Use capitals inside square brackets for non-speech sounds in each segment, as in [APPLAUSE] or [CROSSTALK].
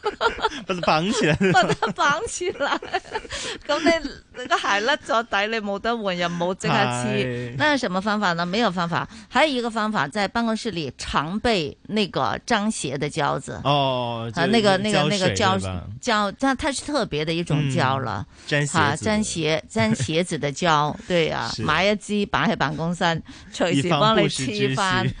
把它綁起來，把它綁起來。咁你那個鞋甩咗底，你冇得換又冇即刻黐，唉那有什麼方法呢？沒有方法，還有一個方法，在辦公室裏常備那個粘鞋的膠子哦，就是、啊，那個那個水那個膠吧膠，它它是特別的一種膠了，粘、嗯、鞋粘、啊、鞋粘鞋子的膠，對呀，買一支擺喺辦公室，隨時幫你黐翻。 [LAUGHS]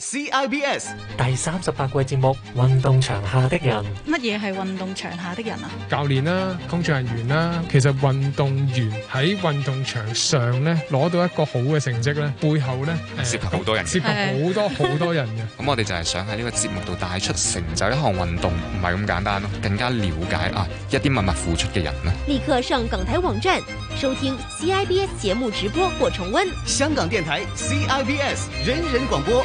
CIBS 第三十八季節目《運動場下的人》啊，乜嘢係運動場下的人啊？教練啦、啊，工作人員啦、啊，其實運動員喺運動場上咧，攞到一個好嘅成績咧，背後咧、呃、係涉及好多人，涉及好多好對多人嘅。咁 [LAUGHS] 我哋就係想喺呢個節目度帶出，成就一項運動唔係咁簡單咯、啊，更加了解啊一啲默默付出嘅人啦、啊。立刻上港台網站收聽 CIBS 節目直播或重溫。香港電台 CIBS 人人廣播。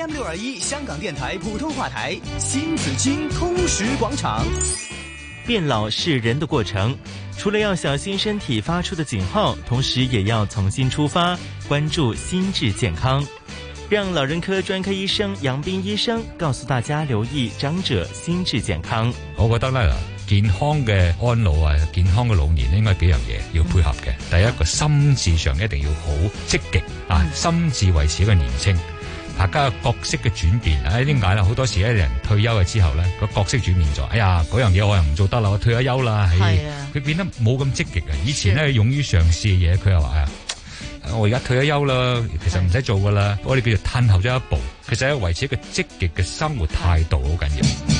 m 六二一香港電台普通話台，新紫清通識廣場。變老是人的過程，除了要小心身體發出的警號，同時也要重新出發，關注心智健康。讓老人科專科醫生楊斌醫生告訴大家，留意長者心智健康。我覺得呢，健康嘅安老啊，健康嘅老年應該幾樣嘢要配合嘅。嗯、第一個，心智上一定要好積極啊，心智維持一個年輕。大家嘅角色嘅轉變，唉，點解咧？好多時啲人退休嘅之後咧，個角色轉變咗。哎呀，嗰樣嘢我又唔做得啦，我退咗休啦，佢的變得冇咁積極啊！以前咧勇於嘗試嘅嘢，佢又話啊，我而家退咗休啦，其實唔使做噶啦，的我哋叫做退後咗一步。其實維持一個積極嘅生活態度好緊要。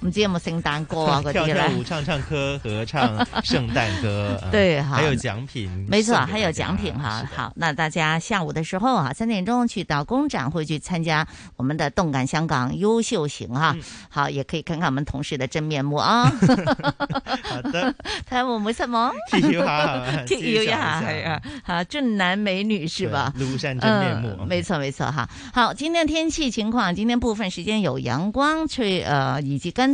唔知有冇聖誕歌啊，嗰啲咧。跳跳舞，唱唱歌，合唱聖誕歌。對哈，還有獎品。沒錯，還有獎品哈。好，那大家下午的時候啊，三點鐘去到工展會去參加我們的動感香港優秀型哈。好，也可以看看我們同事的真面目啊。好的，睇下我們會出冇？揭曉一下，揭曉一下，係啊。好，俊男美女是吧？廬山真面目。沒錯，沒錯哈。好，今天天氣情況，今天部分時間有陽光，吹呃以及乾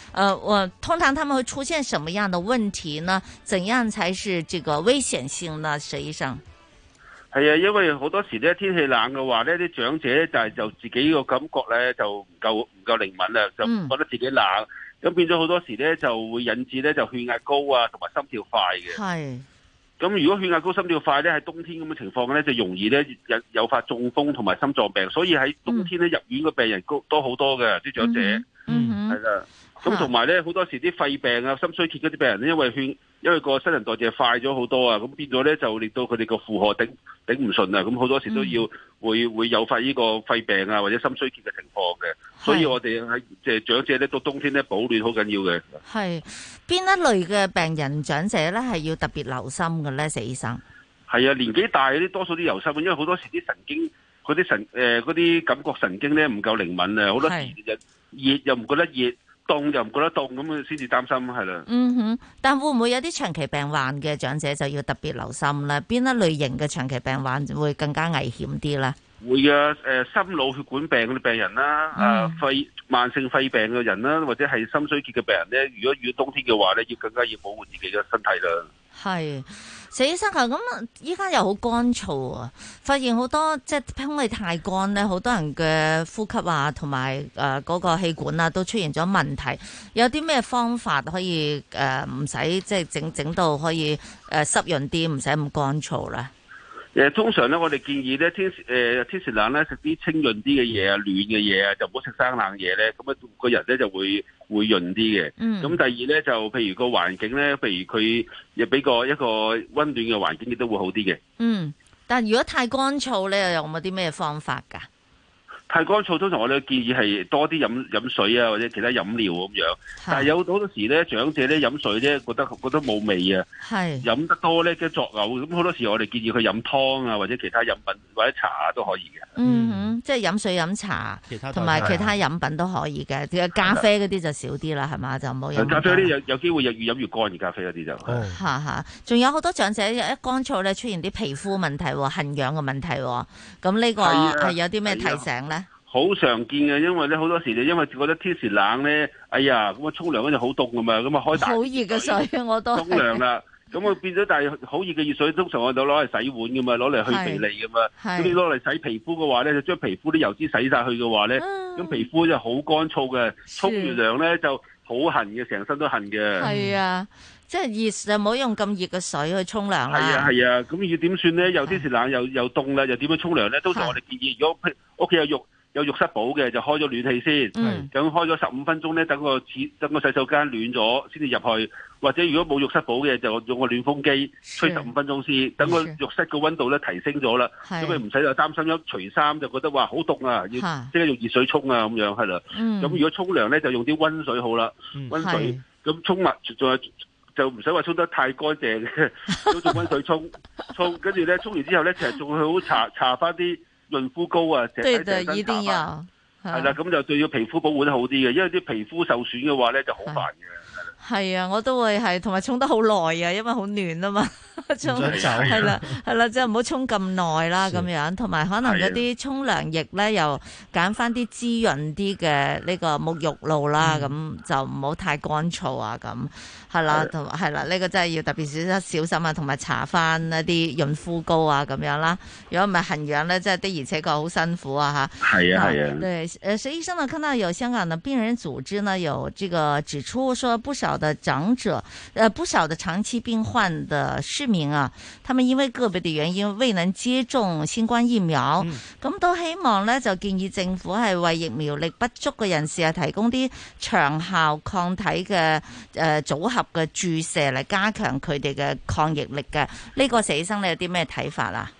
呃，我通常他們會出現什麼樣的問題呢？怎樣才是這個危險性呢？佘醫生係啊，因為好多時咧天氣冷嘅話呢啲長者就係就自己個感覺咧就唔夠唔夠靈敏啊，就覺得自己冷，咁、嗯、變咗好多時咧就會引致咧就血壓高啊，同埋心跳快嘅。係咁是，如果血壓高、心跳快咧喺冬天咁嘅情況咧就容易咧引誘發中風同埋心臟病，所以喺冬天咧入院嘅病人高、嗯、多好多嘅啲長者，嗯，係啦。咁同埋咧，好多時啲肺病啊、心衰竭嗰啲病人咧，因為勸，因為個新陳代謝快咗好多啊，咁變咗咧就令到佢哋個負荷頂頂唔順啊，咁好多時都要、嗯、會會誘發呢個肺病啊或者心衰竭嘅情況嘅，所以我哋喺即係長者咧，到冬天咧保暖好緊要嘅。係邊一類嘅病人長者咧，係要特別留心嘅咧，佘醫生？係啊，年紀大啲，多數啲留心，因為好多時啲神經嗰啲神誒嗰啲感覺神經咧唔夠靈敏啊，好多時就熱是又唔覺得熱。凍就唔覺得凍，咁啊先至擔心係啦。嗯哼，但會唔會有啲長期病患嘅長者就要特別留心咧？邊一類型嘅長期病患會更加危險啲咧？會啊，誒、呃，心腦血管病啲病人啦、啊，嗯、啊，肺慢性肺病嘅人啦、啊，或者係心衰竭嘅病人咧，如果遇冬天嘅話咧，要更加要保護自己嘅身體啦。係。佘醫生啊，咁依家又好乾燥啊，發現好多即係空氣太乾咧，好多人嘅呼吸啊，同埋誒嗰個氣管啊，都出現咗問題。有啲咩方法可以誒唔使即係整整到可以誒、呃、濕潤啲，唔使咁乾燥咧？誒，通常咧，我哋建議咧天誒、呃、天時冷咧食啲清潤啲嘅嘢啊，暖嘅嘢啊，就唔好食生冷嘢咧。咁啊，個人咧就會，會潤啲嘅，咁第二咧就，譬如個環境咧，譬如佢又俾個一個溫暖嘅環境，亦都會好啲嘅。嗯，但係如果太乾燥咧，又有冇啲咩方法噶？太乾燥，通常我哋建議係多啲飲飲水啊，或者其他飲料咁樣。但有好多時咧，長者咧飲水咧覺得覺得冇味啊。係是飲得多咧，即作嘔。咁好多時我哋建議佢飲湯啊，或者其他飲品或者茶啊都可以嘅。嗯,嗯,嗯，即係飲水飲茶，同埋其,其他飲品都可以嘅。的咖啡嗰啲就少啲啦，係嘛就冇飲。咖啡嗰啲有,有機會越越飲越乾，而咖啡嗰啲就係。仲、哦、有好多長者一、哎、乾燥咧出現啲皮膚問題、痕癢嘅問題。咁呢、這個係的有啲咩提醒咧？好常見嘅，因為咧好多時就因為覺得天時冷咧，哎呀咁啊沖涼嗰陣好凍㗎嘛，咁啊開大好熱嘅水我都沖涼啦，咁啊變咗但係好熱嘅熱水通常我就攞嚟洗碗噶嘛，攞嚟去肥膩噶嘛，咁你攞嚟洗皮膚嘅話咧，就將皮膚啲油脂洗晒去嘅話咧，咁是皮膚就好乾燥嘅，沖是完涼咧就好痕嘅，成身都痕嘅。係啊，即係熱就唔、是、好用咁熱嘅水去沖涼。係啊係啊，咁、嗯啊啊、要點算咧？又天時冷，又又凍啦，又點樣沖涼咧？通常我哋建議，是如果屋企有肉。有浴室寶嘅就開咗暖氣先，咁、嗯、開咗十五分鐘呢，等個廁等個洗手間暖咗先至入去。或者如果冇浴室寶嘅，就用個暖風機吹十五分鐘先，是等個浴室嘅溫度咧提升咗啦，咁你唔使又擔心咗除衫就覺得話好凍啊，要即刻用熱水沖啊咁樣係啦。咁、嗯、如果沖涼呢，就用啲溫水好啦，溫水咁沖物仲有就唔使話沖得太乾淨，都用溫水沖沖，跟住呢，沖完之後呢，其實仲會好搽搽翻啲，潤膚膏啊，成日成身打翻，係啦，咁就對個皮膚保護得好啲嘅，因為啲皮膚受損嘅話咧就好煩嘅。係啊是的，我都會係同埋沖得好耐啊，因為好暖啊嘛，沖，係啦係啦，即係唔好沖咁耐啦咁樣，同埋的的可能有啲沖涼液咧，又揀翻啲滋潤啲嘅呢個沐浴露啦，咁的就唔好太乾燥啊咁。係啦，同係啦，呢、 [NOISE] 嗯這個真係要特別小心小心啊！同埋搽返一啲潤膚膏啊咁樣啦。如果唔係痕癢咧，真係的而且確好辛苦啊！哈。係啊，係啊、嗯嗯。對，誒，佘醫生呢，看到有香港的病人組織呢，有這個指出，說不少的長者，誒不少的長期病患嘅市民啊，他們因為個別的原因未能接種新冠疫苗，咁、嗯、都希望呢，就建議政府係為疫苗力不足嘅人士係提供啲長效抗體嘅誒組合。嘅注射嚟加強佢哋嘅抗疫力嘅，呢、這個醫生你有啲咩睇法啊？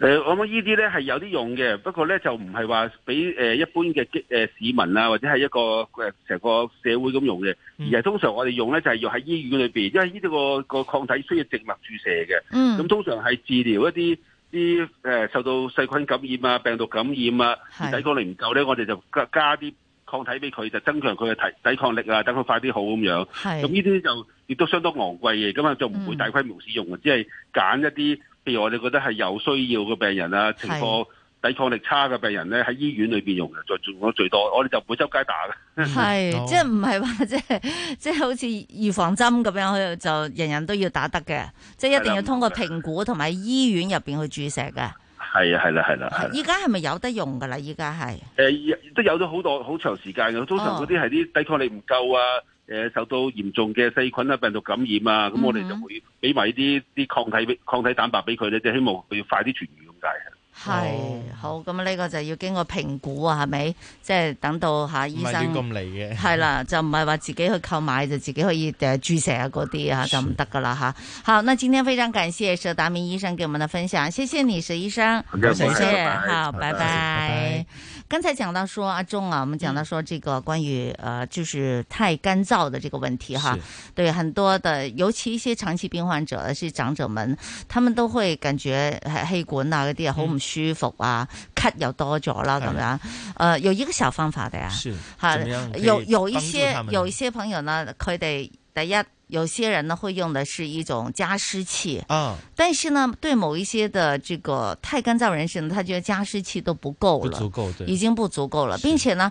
誒、呃，我諗呢啲咧係有啲用嘅，不過咧就唔係話俾誒一般嘅誒市民啊，或者係一個誒成個社會咁用嘅，而係通常我哋用咧就係要喺醫院裏邊，因為呢個個抗體需要靜脈注射嘅。咁、嗯、通常係治療一啲啲誒受到細菌感染啊、病毒感染啊，抵抗力唔夠咧，我哋就加啲。抗體俾佢就增強佢嘅提抵抗力啊，等佢快啲好咁樣。咁呢啲就亦都相當昂貴嘅，咁啊就唔會大規模使用啊，即係揀一啲譬如我哋覺得係有需要嘅病人啊，情況抵抗力差嘅病人咧喺醫院裏邊用嘅，就用得最多。我哋就唔會周街打嘅。係是、哦，即係唔係話即係即係好似預防針咁樣，就人人都要打得嘅，即係一定要通過評估同埋醫院入邊去注射嘅。係啊，係啦，係啦，係。依家係咪有得用噶啦？依家係。誒、呃，都有咗好多好長時間嘅，通常嗰啲係啲抵抗力唔夠啊，誒、呃，受到嚴重嘅細菌啊、病毒感染啊，咁、嗯哼嗯、我哋就會俾埋啲啲抗體、抗體蛋白俾佢咧，即係希望佢要快啲痊愈咁解。係、哎、好，咁呢個就要經過評估，是是啊，係咪？即係等到吓醫生。係啦，就唔係話自己去購買就自己可以誒注射啊啲啊，就唔得噶啦哈。是好，那今天非常感謝佘達明醫生給我們的分享，謝謝你佘醫生，唔該，好，拜拜。剛才講到說阿鍾啊，我們講到說這個關於誒、呃，就是太乾燥的這個問題是哈。對，很多的，尤其一些長期病患者，一是長者們，他們都會感覺係氣管啊啲啊，好唔舒。嗯舒服啊，咳又多咗啦咁樣，哎、呃，有一個小方法的啊，係有有一些有一些朋友呢，佢哋大家有些人呢會用的是一種加濕器，哦、但是呢對某一些的這個太乾燥人士呢，他覺得加濕器都不夠了，不足夠，已經不足夠了，是並且呢。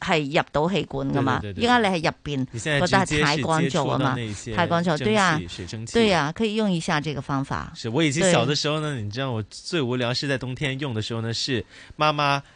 係入到氣管噶嘛？而家你係入邊，覺得係太乾燥啊嘛？太乾燥，對啊，對啊，可以用一下這個方法。是我以前小的時候呢，對你知道我最無聊，是在冬天用的時候呢，是媽媽。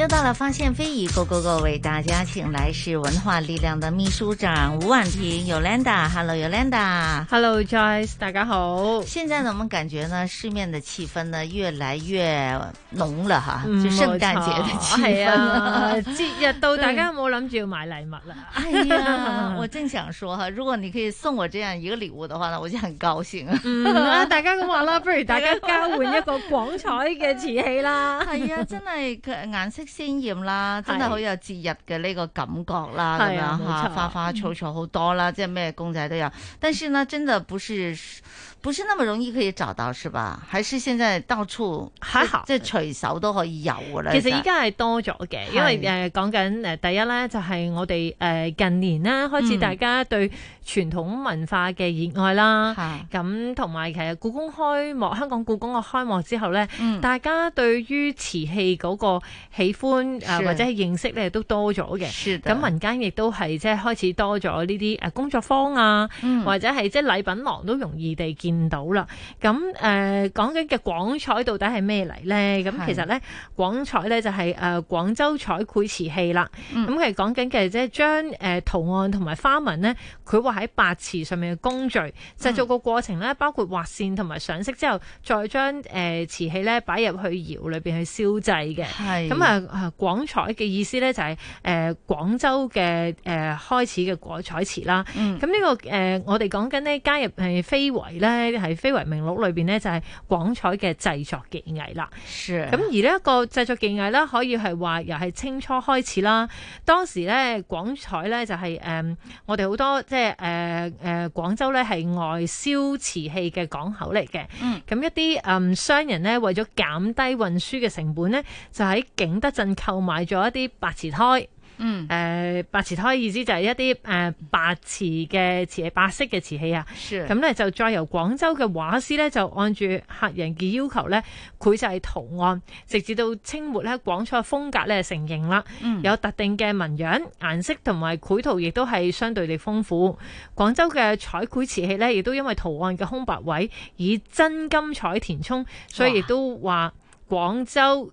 又到了發現非遺 Go Go Go，為大家請來是文化力量的秘書長伍婉婷，Yolanda，Hello Yolanda，Hello Joyce，大家好。現在呢，我們感覺呢，市面的氣氛呢，越來越濃了哈，嗯、就聖誕節的氣氛。啊，節、哎、 [LAUGHS] 日到，嗯、大家冇諗住要買禮物啦。哎呀， [LAUGHS] 我正想說哈，如果你可以送我這樣一個禮物的話呢，我就很高興、嗯、啊。 [LAUGHS] 啊，大家咁話啦， [LAUGHS] 不如大家交換一個廣彩嘅瓷器啦。係 [LAUGHS] 啊、哎，真係佢顏色。鮮艷啦，真係好有節日嘅呢個感覺啦，咁、啊、樣吓、啊、花花草草好多啦，嗯、即係咩公仔都有，但是呢，真係不是。不是那麼容易可以找到，是吧？還是現在到處，即係隨手都可以有啦。其實依家係多咗嘅，是因為誒、呃、講緊誒、呃、第一咧，就係、是、我哋誒、呃、近年啦開始，大家對傳統文化嘅熱愛啦。咁同埋其實故宮開幕，是香港故宮嘅開幕之後咧，嗯、大家對於瓷器嗰個喜歡誒是、呃、或者係認識咧都多咗嘅。咁的民間亦都係即係開始多咗呢啲誒工作坊啊，嗯、或者係即係禮品廊都容易地見。見到啦，咁誒講緊嘅廣彩到底係咩嚟咧？咁是其實咧廣彩咧就係、是、誒、呃、廣州彩繪瓷器啦。咁其實講緊嘅即係將誒、呃、圖案同埋花紋咧，佢畫喺白瓷上面嘅工序製造個過程咧，包括畫線同埋上色之後，再將誒瓷器咧擺入去窯裏面去燒製嘅。咁啊是、呃，廣彩嘅意思咧就係、是、誒、呃、廣州嘅誒、呃、開始嘅廣彩瓷啦。咁呢、嗯這個誒、呃、我哋講緊呢，加入係非遺咧。呢啲係《非遺名錄》裏邊呢，就係廣彩嘅製作技藝啦。咁、啊、而呢一個製作技藝咧，可以係話又係清初開始啦。當時咧廣彩咧就係、是、誒、嗯、我哋好多即係誒誒廣州咧係外銷瓷器嘅港口嚟嘅。咁、嗯、一啲誒商人咧為咗減低運輸嘅成本咧，就喺景德鎮購買咗一啲白瓷胎。嗯，誒、呃、白瓷胎意思就係一啲誒、呃、白瓷嘅瓷器、白色嘅瓷器啊。咁咧是就再由廣州嘅畫師咧就按住客人嘅要求咧繪製圖案，直至到清末咧廣彩風格咧成形啦。嗯、有特定嘅紋樣、顏色同埋繪圖，亦都係相對地豐富。廣州嘅彩繪瓷器咧，亦都因為圖案嘅空白位以真金彩填充，所以亦都話廣州。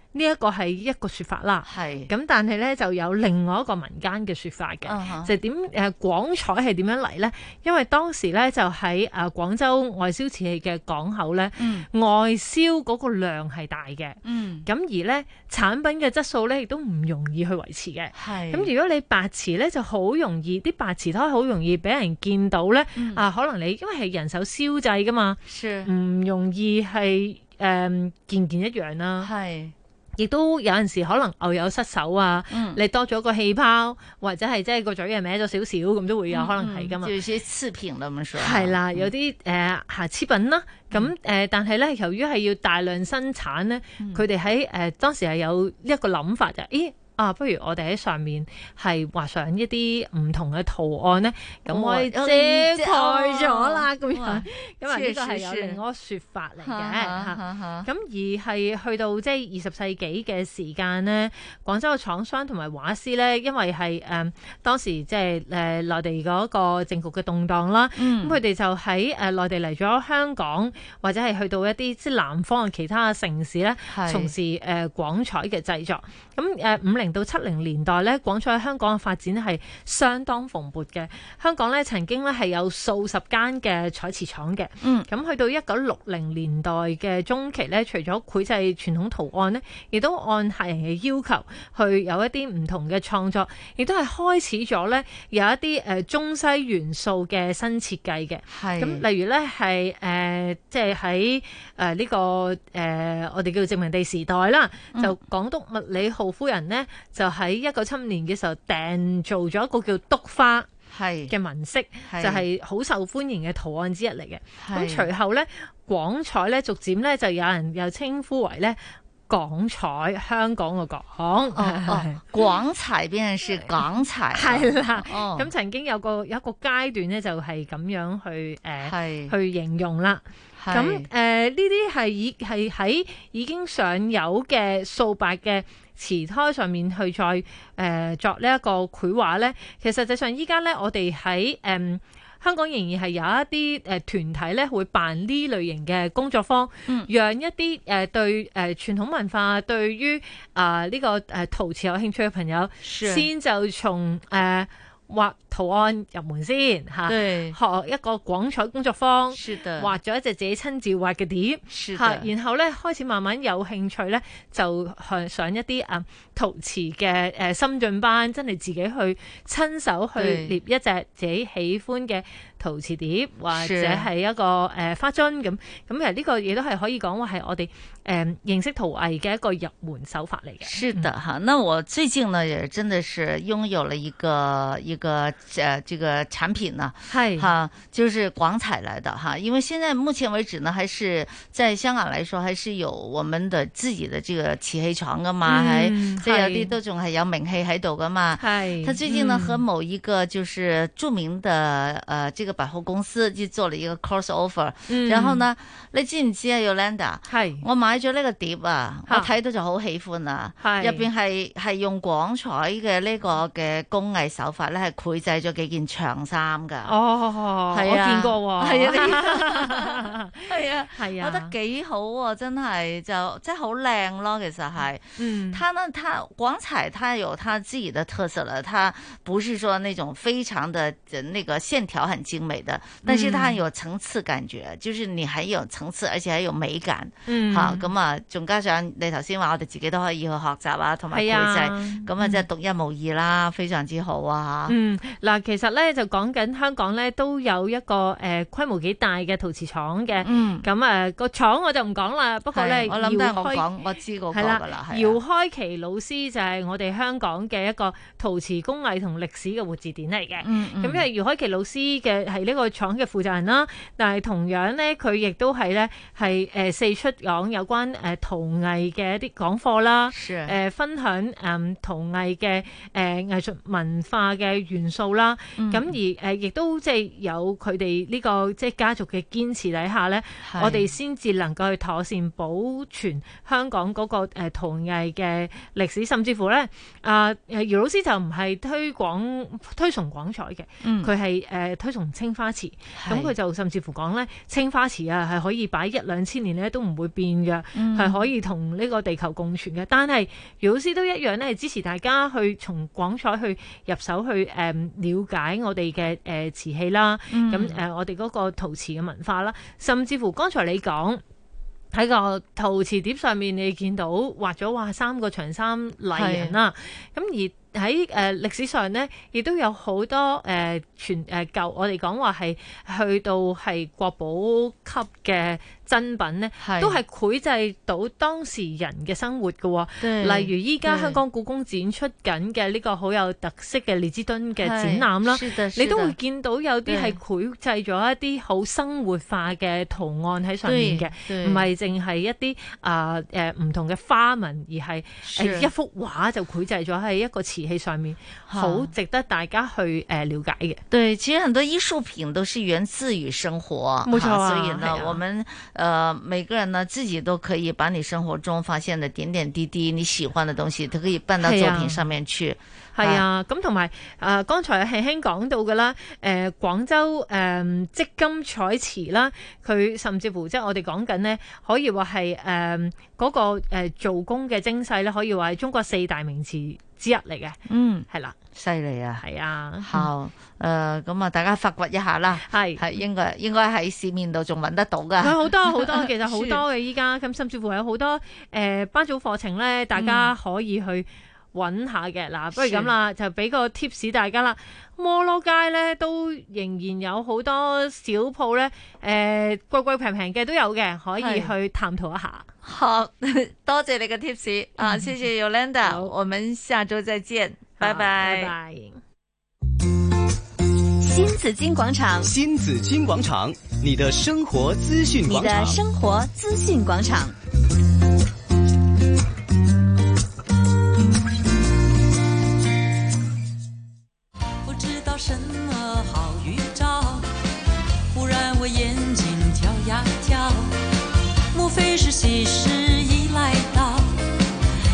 呢一個係一個説法啦，係咁是，但係咧就有另外一個民間嘅説法嘅，uh huh、就點誒廣彩係點樣嚟咧？因為當時咧就喺誒廣州外銷瓷器嘅港口咧，嗯、外銷嗰個量係大嘅，嗯，咁而咧產品嘅質素咧亦都唔容易去維持嘅，係咁是。如果你白瓷咧就好容易啲白瓷胎好容易俾人見到咧，嗯、啊，可能你因為係人手燒製噶嘛，唔是容易係誒件件一樣啦、啊，係。亦都有陣時候可能偶有失手啊，嗯、你多咗個氣泡或者係即係個嘴嘢歪咗少少，咁都會有、嗯、可能係噶嘛。就啲次品咁啊，係啦，有啲誒瑕疵品啦。咁、嗯呃、但係咧，由於係要大量生產咧，佢哋喺誒當時係有一個諗法就，咦？啊，不如我哋喺上面係畫上一啲唔同嘅圖案咧，咁哇可以遮蓋咗啦。咁樣咁，呢個係有另一個說法嚟嘅，咁而係去到即係二十世紀嘅時間咧，廣州嘅廠商同埋畫師咧，因為係誒當時即係誒內地嗰個政局嘅動蕩啦，咁佢哋就喺誒內地嚟咗香港，或者係去到一啲即係南方嘅其他城市咧，從是事誒廣彩嘅製作。咁誒五零。到七零年代咧，廣彩香港嘅發展係相當蓬勃嘅。香港咧曾經咧係有數十間嘅彩瓷廠嘅。嗯，咁去到一九六零年代嘅中期咧，除咗繪製傳統圖案咧，亦都按客人嘅要求去有一啲唔同嘅創作，亦都係開始咗咧有一啲中西元素嘅新設計嘅。係咁是，例如咧係誒，即係喺誒呢個誒、呃、我哋叫做殖民地時代啦，就港督麥理浩夫人呢。嗯嗯就喺一九七年嘅時候訂做咗一個叫篤花嘅紋飾，是是就係好受歡迎嘅圖案之一嚟嘅。咁隨是後咧，廣彩咧逐漸咧就有人又稱呼為咧港彩，香港嘅港、哦。哦廣彩變係說廣彩係啦。咁 [LAUGHS] 的、哦、曾經有個有一個階段咧就係、是、咁樣去誒、呃、是去形容啦。咁誒呢啲係已係喺已經上有嘅數百嘅。瓷胎上面去再誒、呃、作呢一個繪畫咧，其實實際上依家咧，我哋喺誒香港仍然係有一啲誒團體咧會辦呢類型嘅工作坊，嗯、讓一啲誒、呃、對誒、呃、傳統文化對於啊呢、呃呢個誒、呃、陶瓷有興趣嘅朋友，是先就從誒。呃畫圖案入門先嚇，對學一個廣彩工作坊，的畫咗一隻自己親自畫嘅碟。嚇的，然後咧開始慢慢有興趣咧，就向上一啲啊、嗯、陶瓷嘅誒、呃、深進班，真係自己去親手去捏一隻自己喜歡嘅。陶瓷碟或者係一個誒花樽，咁，咁其實呢個亦都係可以講話係我哋誒、呃、認識陶藝嘅一個入門手法嚟嘅。是的吓，嗯，那我最近呢也真的是擁有了一個一個誒、呃、這個產品啊，係吓是、啊，就是廣彩嚟的吓、啊，因為現在目前為止呢，還是在香港嚟說，還是有我們的自己的這個瓷器廠噶嘛，係、嗯哎、即係有啲都仲係有名氣喺度噶嘛。係是，他最近呢和某一個就是著名的誒、嗯呃、這個。百貨公司做了一個 cross over，、嗯、然後呢，你知唔知啊？Yolanda，係是我買咗呢個碟啊，哈我睇到就好喜歡啊，係入邊係係用廣彩嘅呢個嘅工藝手法咧，係繪製咗幾件長衫噶。哦。哦，係、啊、我見過、哦，係啊，係 [LAUGHS] 啊，係啊，覺得幾好啊，真係就即係好靚咯，其實係。嗯，他呢，他廣彩，它有他自己嘅特色啦，他不是說那種非常的那個線條很精。美的，但是它有層次感覺，嗯、就是你很有層次，而且很有美感。嗯，咁啊，仲加上你頭先話我哋自己都可以去學習啊，同埋培植，咁啊即係獨一無二啦，非常之好啊嗱、嗯，其實呢，就講緊香港呢，都有一個誒規、呃、模幾大嘅陶瓷廠嘅。咁啊、嗯嗯那個廠我就唔講啦。不過呢，我諗都係我講，我，我，開我，我知嗰個姚、啊、開琪老師就係我哋香港嘅一個陶瓷工藝同歷史嘅活字典嚟嘅。咁因為姚開琪老師嘅。係呢個廠嘅負責人啦，但係同樣咧，佢亦都係咧係誒四出講有關誒陶藝嘅一啲講課啦，誒是、呃、分享誒陶藝嘅誒藝術文化嘅元素啦。咁、啊嗯、而誒亦、呃、都即係有佢哋呢個即係家族嘅堅持底下咧，是我哋先至能夠去妥善保存香港嗰、嗰個誒陶藝嘅歷史，甚至乎咧啊誒姚老師就唔係推廣推崇廣彩嘅，佢係誒推崇。青花瓷，咁佢就甚至乎講咧，青花瓷啊，係可以擺一兩千年咧都唔會變嘅，係、嗯、可以同呢個地球共存嘅。但係余老師都一樣咧，支持大家去從廣彩去入手去誒了解我哋嘅誒瓷器啦。咁誒、嗯呃、我哋嗰個陶瓷嘅文化啦，甚至乎剛才你講喺個陶瓷碟上面你見到畫咗畫三個長衫麗人啦、啊，咁的而。喺誒、呃、歷史上咧，亦都有好多誒全誒舊我哋，我哋講話係去到係國寶級嘅。珍品呢是都係繪製到當時人嘅生活嘅、哦，對例如依家香港故宮展出緊嘅呢個好有特色嘅列支敦嘅展覽啦，你都會見到有啲係繪製咗一啲好生活化嘅圖案喺上面嘅，唔係淨係一啲啊誒唔同嘅花紋，而係是、呃、一幅畫就繪製咗喺一個瓷器上面，好是值得大家去誒瞭解嘅。對，其實很多藝術品都是源自於生活，冇錯啊，啊所以呢我們，呃誒、呃，每個人呢自己都可以把你生活中發現的點點滴滴，你喜歡的東西，都可以搬到作品上面去。係啊，咁同埋誒，剛、啊呃、才輕輕講到噶啦，誒、呃，廣州誒織、呃、金彩瓷啦，佢甚至乎即係我哋講緊呢，可以話係誒嗰個誒做、呃、工嘅精細咧，可以話係中國四大名瓷。之一嚟嘅，嗯，係啦，犀利啊，係啊，好，誒、呃，咁啊，大家發掘一下啦，係是，係應該，應該喺市面度仲搵得到噶，係好 [LAUGHS] 多好多，其實好多嘅依家，咁甚至乎有好多誒、呃、班組課程咧，大家可以去。嗯搵下嘅，嗱，不如咁啦，是就俾個 tips 大家啦。摩羅街咧都仍然有好多小鋪咧，誒、呃，貴貴平平嘅都有嘅，可以去探討一下。好，多謝你嘅 tips 啊，嗯、謝謝 Yolanda，好我們下周再見好拜拜，拜拜。拜拜。新紫金廣場，新紫金廣場，你的生活資訊廣場，你的生活資訊廣場。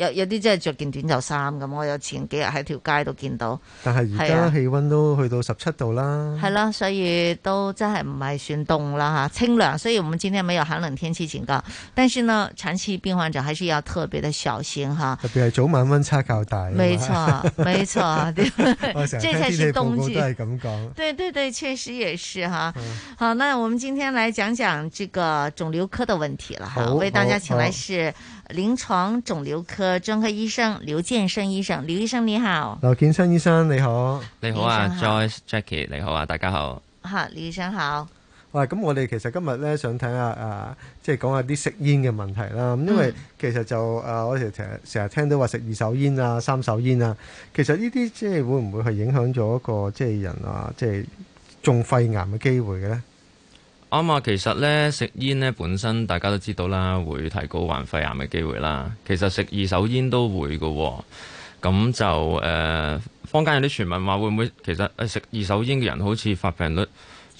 有有啲真係着件短袖衫咁，我有前幾日喺條街都見到。但係而家氣温都去到十七度啦。係啦、啊，所以都真係唔係算凍啦嚇，清涼。所以我們今天沒有寒冷天氣警告，但是呢，長期病患者還是要特別的小心嚇。啊、特別係早晚温差較大。沒錯， [LAUGHS] 沒錯，對，這才是冬季。都係咁講。對對對，確實也是哈。啊啊、好，那我們今天來講講這個腫瘤科的問題啦。啊、好，我為大家請來是。臨床腫瘤科專科醫生劉健生醫生，劉醫生你好。劉健生醫生你好，你好啊，好 Joyce Jackie 你好啊，大家好。吓，劉醫生好。喂，咁我哋其實今日咧想睇下啊，即係講下啲食煙嘅問題啦。咁因為其實就誒、呃，我哋成日成日聽到話食二手煙啊、三手煙啊，其實呢啲即係會唔會係影響咗一個即係人啊，即係中肺癌嘅機會嘅咧？啱啊！其實呢，食煙呢本身大家都知道啦，會提高患肺癌嘅機會啦。其實食二手煙都會喎，喔。咁就誒、呃，坊間有啲傳聞話，會唔會其實誒食二手煙嘅人好似發病率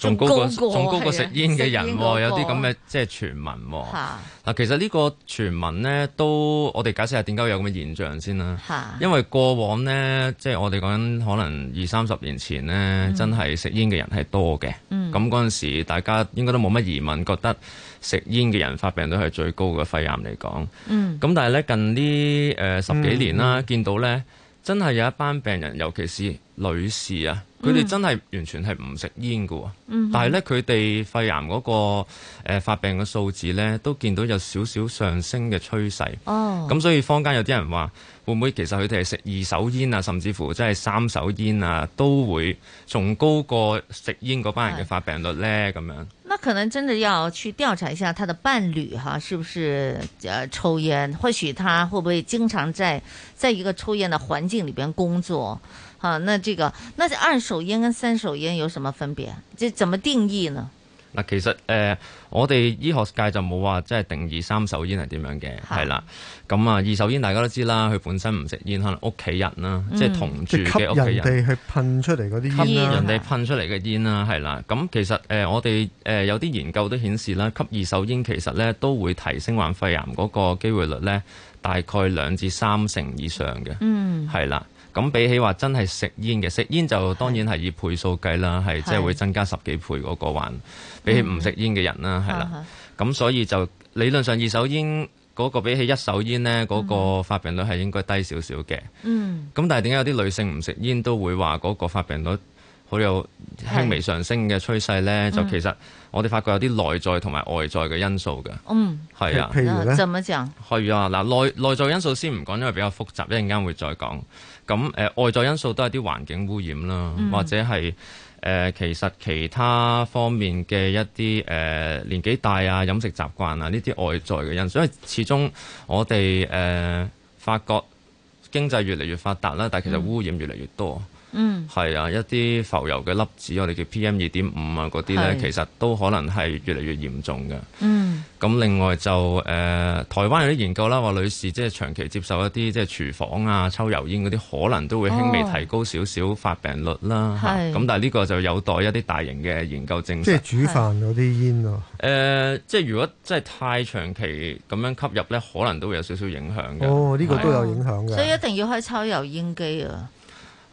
仲高，高過食煙嘅人，個個有啲咁嘅即係傳聞。嗱的，其實呢個傳聞呢，都我哋解釋下點解有咁嘅現象先啦。的因為過往呢，即係我哋講緊可能二三十年前呢，嗯、真係食煙嘅人係多嘅。咁嗰陣時，大家應該都冇乜疑問，覺得食煙嘅人發病率係最高嘅肺癌嚟講。咁、嗯、但係呢，近呢誒十幾年啦、啊，嗯、見到呢真係有一班病人，尤其是女士啊。佢哋真係完全係唔食煙嘅喎，嗯、哼但係咧佢哋肺癌嗰、那個誒、呃、發病嘅數字咧，都見到有少少上升嘅趨勢。哦，咁、嗯、所以坊間有啲人話，會唔會其實佢哋係食二手煙啊，甚至乎即係三手煙啊，都會仲高過食煙嗰班人嘅發病率咧？咁樣、哎，那可能真係要去調查一下他嘅伴侶哈、啊，是不是誒、呃、抽煙？或許他會唔會經常在，在一個抽煙嘅環境裡邊工作？好，那、這個，那這二手煙跟三手煙有什麼分別？即係怎麼定義呢？嗱，其實誒、呃，我哋醫學界就冇話即係定義三手煙係點樣嘅，係啦的。咁啊，二手煙大家都知啦，佢本身唔食煙，可能屋企人啦，嗯、即係同住嘅屋企人。人哋去噴出嚟嗰啲煙，人哋噴出嚟嘅煙啦，係啦。咁的其實誒、呃，我哋誒、呃、有啲研究都顯示啦，吸二手煙其實咧都會提升患肺癌嗰個機會率咧，大概兩至三成以上嘅。嗯，係啦。咁比起話真係食煙嘅，食煙就當然係以倍數計啦，係是是即係會增加十幾倍嗰個環比起唔食煙嘅人啦，係啦。咁所以就理論上二手煙嗰個比起一手煙呢，嗰個發病率係應該低少少嘅。嗯。咁但係點解有啲女性唔食煙都會話嗰個發病率好有輕微上升嘅趨勢呢？嗯、就其實我哋發覺有啲內在同埋外在嘅因素㗎。嗯。係啊的，譬如咧。怎麼講？係啊，嗱內、內在因素先唔講，因為比較複雜，一陣間會再講。咁誒、呃、外在因素都係啲環境污染啦，嗯、或者係誒、呃、其實其他方面嘅一啲誒、呃、年紀大啊、飲食習慣啊呢啲外在嘅因素，因為始終我哋誒、呃、發覺經濟越嚟越發達啦，但係其實污染越嚟越多。嗯嗯，係啊，一啲浮游嘅粒子，我哋叫 PM 二點五啊，嗰啲咧，是其實都可能係越嚟越嚴重嘅。嗯，咁另外就誒、呃，台灣有啲研究啦，話女士即係長期接受一啲即係廚房啊、抽油煙嗰啲，可能都會輕微提高少少發病率啦。嚇，咁但係呢個就有待一啲大型嘅研究證實。即係煮飯嗰啲煙啊？誒、呃，即係如果即係太長期咁樣吸入咧，可能都會有少少影響嘅。哦，呢、這個都有影響嘅，是所以一定要開抽油煙機啊！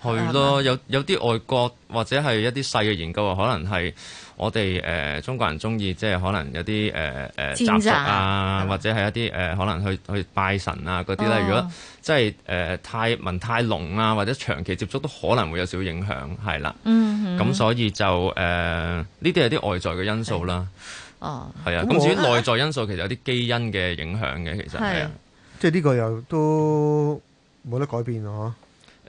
係咯，有有啲外國或者係一啲細嘅研究啊，可能係我哋誒、呃、中國人鍾意，即係可能有啲誒誒習俗啊，災或者係一啲誒、呃、可能去去拜神啊嗰啲咧。哦、如果即係誒太文太濃啊，或者長期接觸都可能會有少影響，係啦。咁、嗯嗯嗯、所以就誒呢啲係啲外在嘅因素啦。嗯、哦，係啊。咁至於內在因素，其實有啲基因嘅影響嘅，嗯、其實係。即係呢個又都冇得改變咯。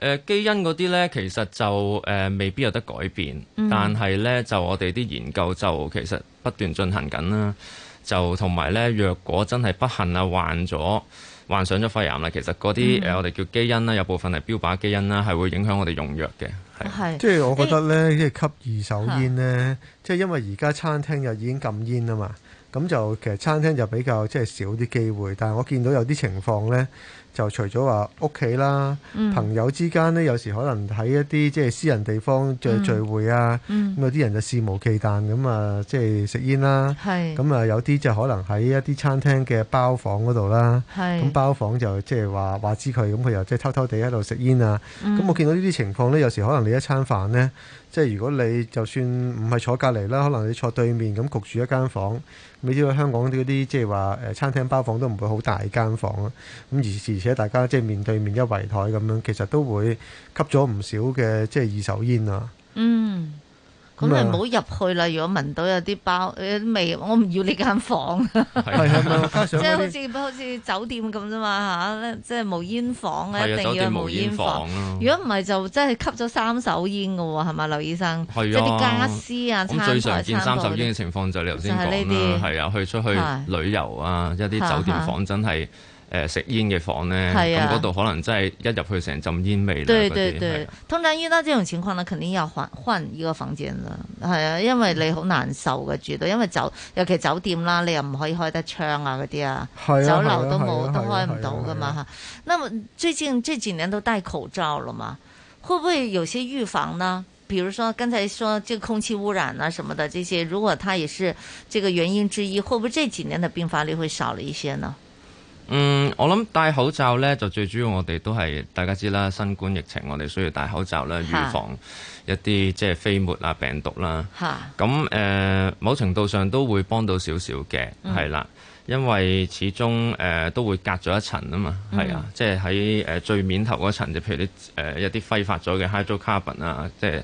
誒、呃、基因嗰啲咧，其實就誒、呃、未必有得改變，嗯、哼但係咧就我哋啲研究就其實不斷進行緊啦，就同埋咧，若果真係不幸啊，患咗患上咗肺癌啦，其實嗰啲誒我哋叫基因啦，有部分係標靶基因啦，係會影響我哋用藥嘅。係即係我覺得咧，即係吸二手煙咧，嗯、即係因為而家餐廳又已經禁煙啊嘛，咁就其實餐廳就比較即係少啲機會，但係我見到有啲情況咧。就除咗話屋企啦，嗯、朋友之間咧，有時可能喺一啲即係私人地方聚聚會啊，咁、嗯嗯、有啲人就肆無忌憚咁啊，即係食煙啦。咁啊是，有啲就可能喺一啲餐廳嘅包房嗰度啦，咁是包房就即係話話知佢咁，佢又即係偷偷地喺度食煙啊。咁、嗯、我見到呢啲情況咧，有時可能你一餐飯咧，即係如果你就算唔係坐隔籬啦，可能你坐對面咁，焗住一間房。你知道香港啲啲即係話誒餐廳包房都唔會好大間房咯，咁而而且大家即係面對面一圍台咁樣，其實都會吸咗唔少嘅即係二手煙啊。嗯。咁你唔好入去啦！如果聞到有啲包、有啲味，我唔要呢間房。係啊，即係好似好似酒店咁啫嘛，吓，即係無煙房啊，一定要有無煙房。如果唔係就真係吸咗三手煙㗎喎，係咪，劉醫生？係啊，即係啲家私啊、餐台，咁最常見三手煙嘅情況就你頭先講啦，係啊，去出去旅遊啊，一啲酒店房真係。誒、呃、食煙嘅房呢，咁嗰度可能真係一入去成浸煙味啦。對對,對、啊、通常遇到這種情況呢，肯定要換換一個房間啦。係啊，因為你好難受嘅住到，因為酒尤其酒店啦，你又唔可以開得窗啊嗰啲啊，啊酒樓都冇、啊啊啊啊啊、都開唔到噶嘛。嚇、啊，啊、那麼最近這幾年都戴口罩了嘛，會唔會有些預防呢？譬如說，剛才說這個空氣污染啊、什麼的這些，如果它也是這個原因之一，會唔會這幾年的病發率會少了一些呢？嗯，我諗戴口罩呢，就最主要我哋都係大家知啦，新冠疫情我哋需要戴口罩啦，預防一啲的即係飛沫啊、病毒啦。咁誒的、呃，某程度上都會幫到少少嘅，係啦、嗯，因為始終誒、呃、都會隔咗一層啊嘛，係啊，嗯、即係喺最面頭嗰層就譬如啲、呃、一啲揮發咗嘅 hydrocarbon 啊，即係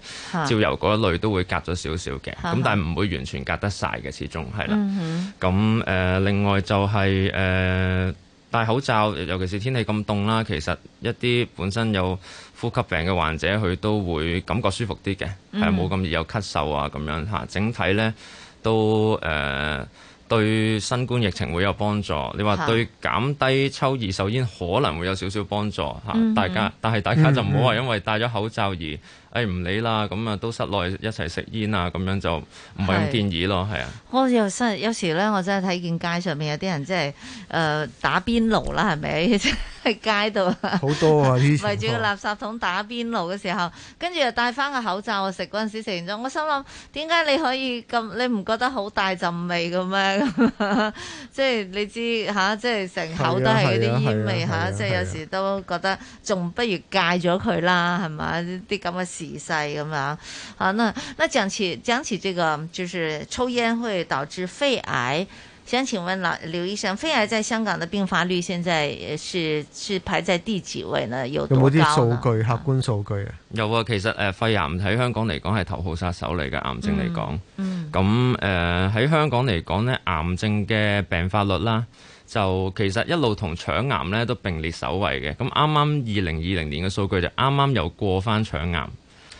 焦油嗰一類都會隔咗少少嘅，咁的、嗯、但係唔會完全隔得晒嘅，始終係啦。咁、嗯哼呃、另外就係、是、誒。呃戴口罩，尤其是天氣咁凍啦，其實一啲本身有呼吸病嘅患者，佢都會感覺舒服啲嘅，係冇咁易有咳嗽啊咁樣嚇。整體呢都誒、呃、對新冠疫情會有幫助。是你話對減低抽二手煙可能會有少少幫助嚇，嗯嗯大家。但係大家就唔好話因為戴咗口罩而。誒唔、哎、理啦，咁啊都室內一齊食煙啊，咁樣就唔係咁建議咯，係啊的。的我又有時咧，我真係睇見街上面有啲人即係誒打邊爐啦，係咪？喺 [LAUGHS] 街度上好多啊！圍住個垃圾桶打邊爐嘅時候，跟住又戴翻個口罩食嗰陣時，食完咗，我心諗，點解你可以咁？你唔覺得好大陣味嘅咩、 [LAUGHS] 啊？即係你知嚇，即係成口都係嗰啲煙味嚇，即係有時都覺得仲不如戒咗佢啦，係咪？啲咁嘅事。比賽咁樣，好、嗯，那那講起講起這個，就是抽煙會導致肺癌。想請問劉醫生，肺癌在香港的病發率現在是是排在第幾位呢？有冇啲數據？客觀數據啊？啊有啊，其實誒，肺癌喺香港嚟講係頭號殺手嚟嘅，癌症嚟講、嗯。嗯。咁誒喺香港嚟講呢，癌症嘅病發率啦，就其實一路同腸癌呢都並列首位嘅。咁啱啱二零二零年嘅數據就啱啱又過翻腸癌。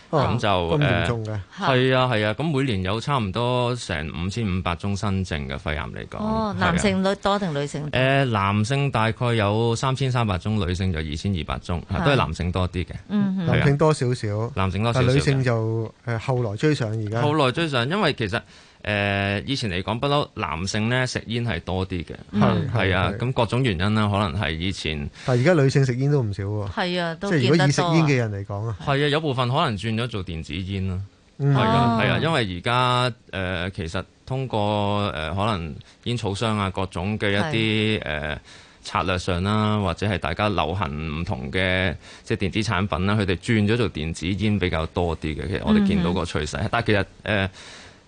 咁、哦、就，係啊係啊，咁、啊啊、每年有差唔多成五千五百宗新症嘅肺癌嚟講。哦，男性率多定女性？誒、啊，男性大概有三千三百宗，女性就二千二百宗，啊、都係男性多啲嘅。嗯哼男性多少少？男性多少少？但係女性就誒後來追上而家。後來追上，因為其實。誒、呃、以前嚟講，不嬲男性咧食煙係多啲嘅，係、嗯、是啊，咁各種原因啦，可能係以前。但而家女性食煙都唔少喎。係啊，即係如果以食煙嘅人嚟講啊，係啊，啊，有部分可能轉咗做電子煙啦，係啊，係啊，因為而家誒其實通過誒、呃、可能煙草商啊各種嘅一啲誒是、呃、策略上啦、啊，或者係大家流行唔同嘅即係電子產品啦、啊，佢哋轉咗做電子煙比較多啲嘅，嗯、其實我哋見到個趨勢。但係其實誒、呃，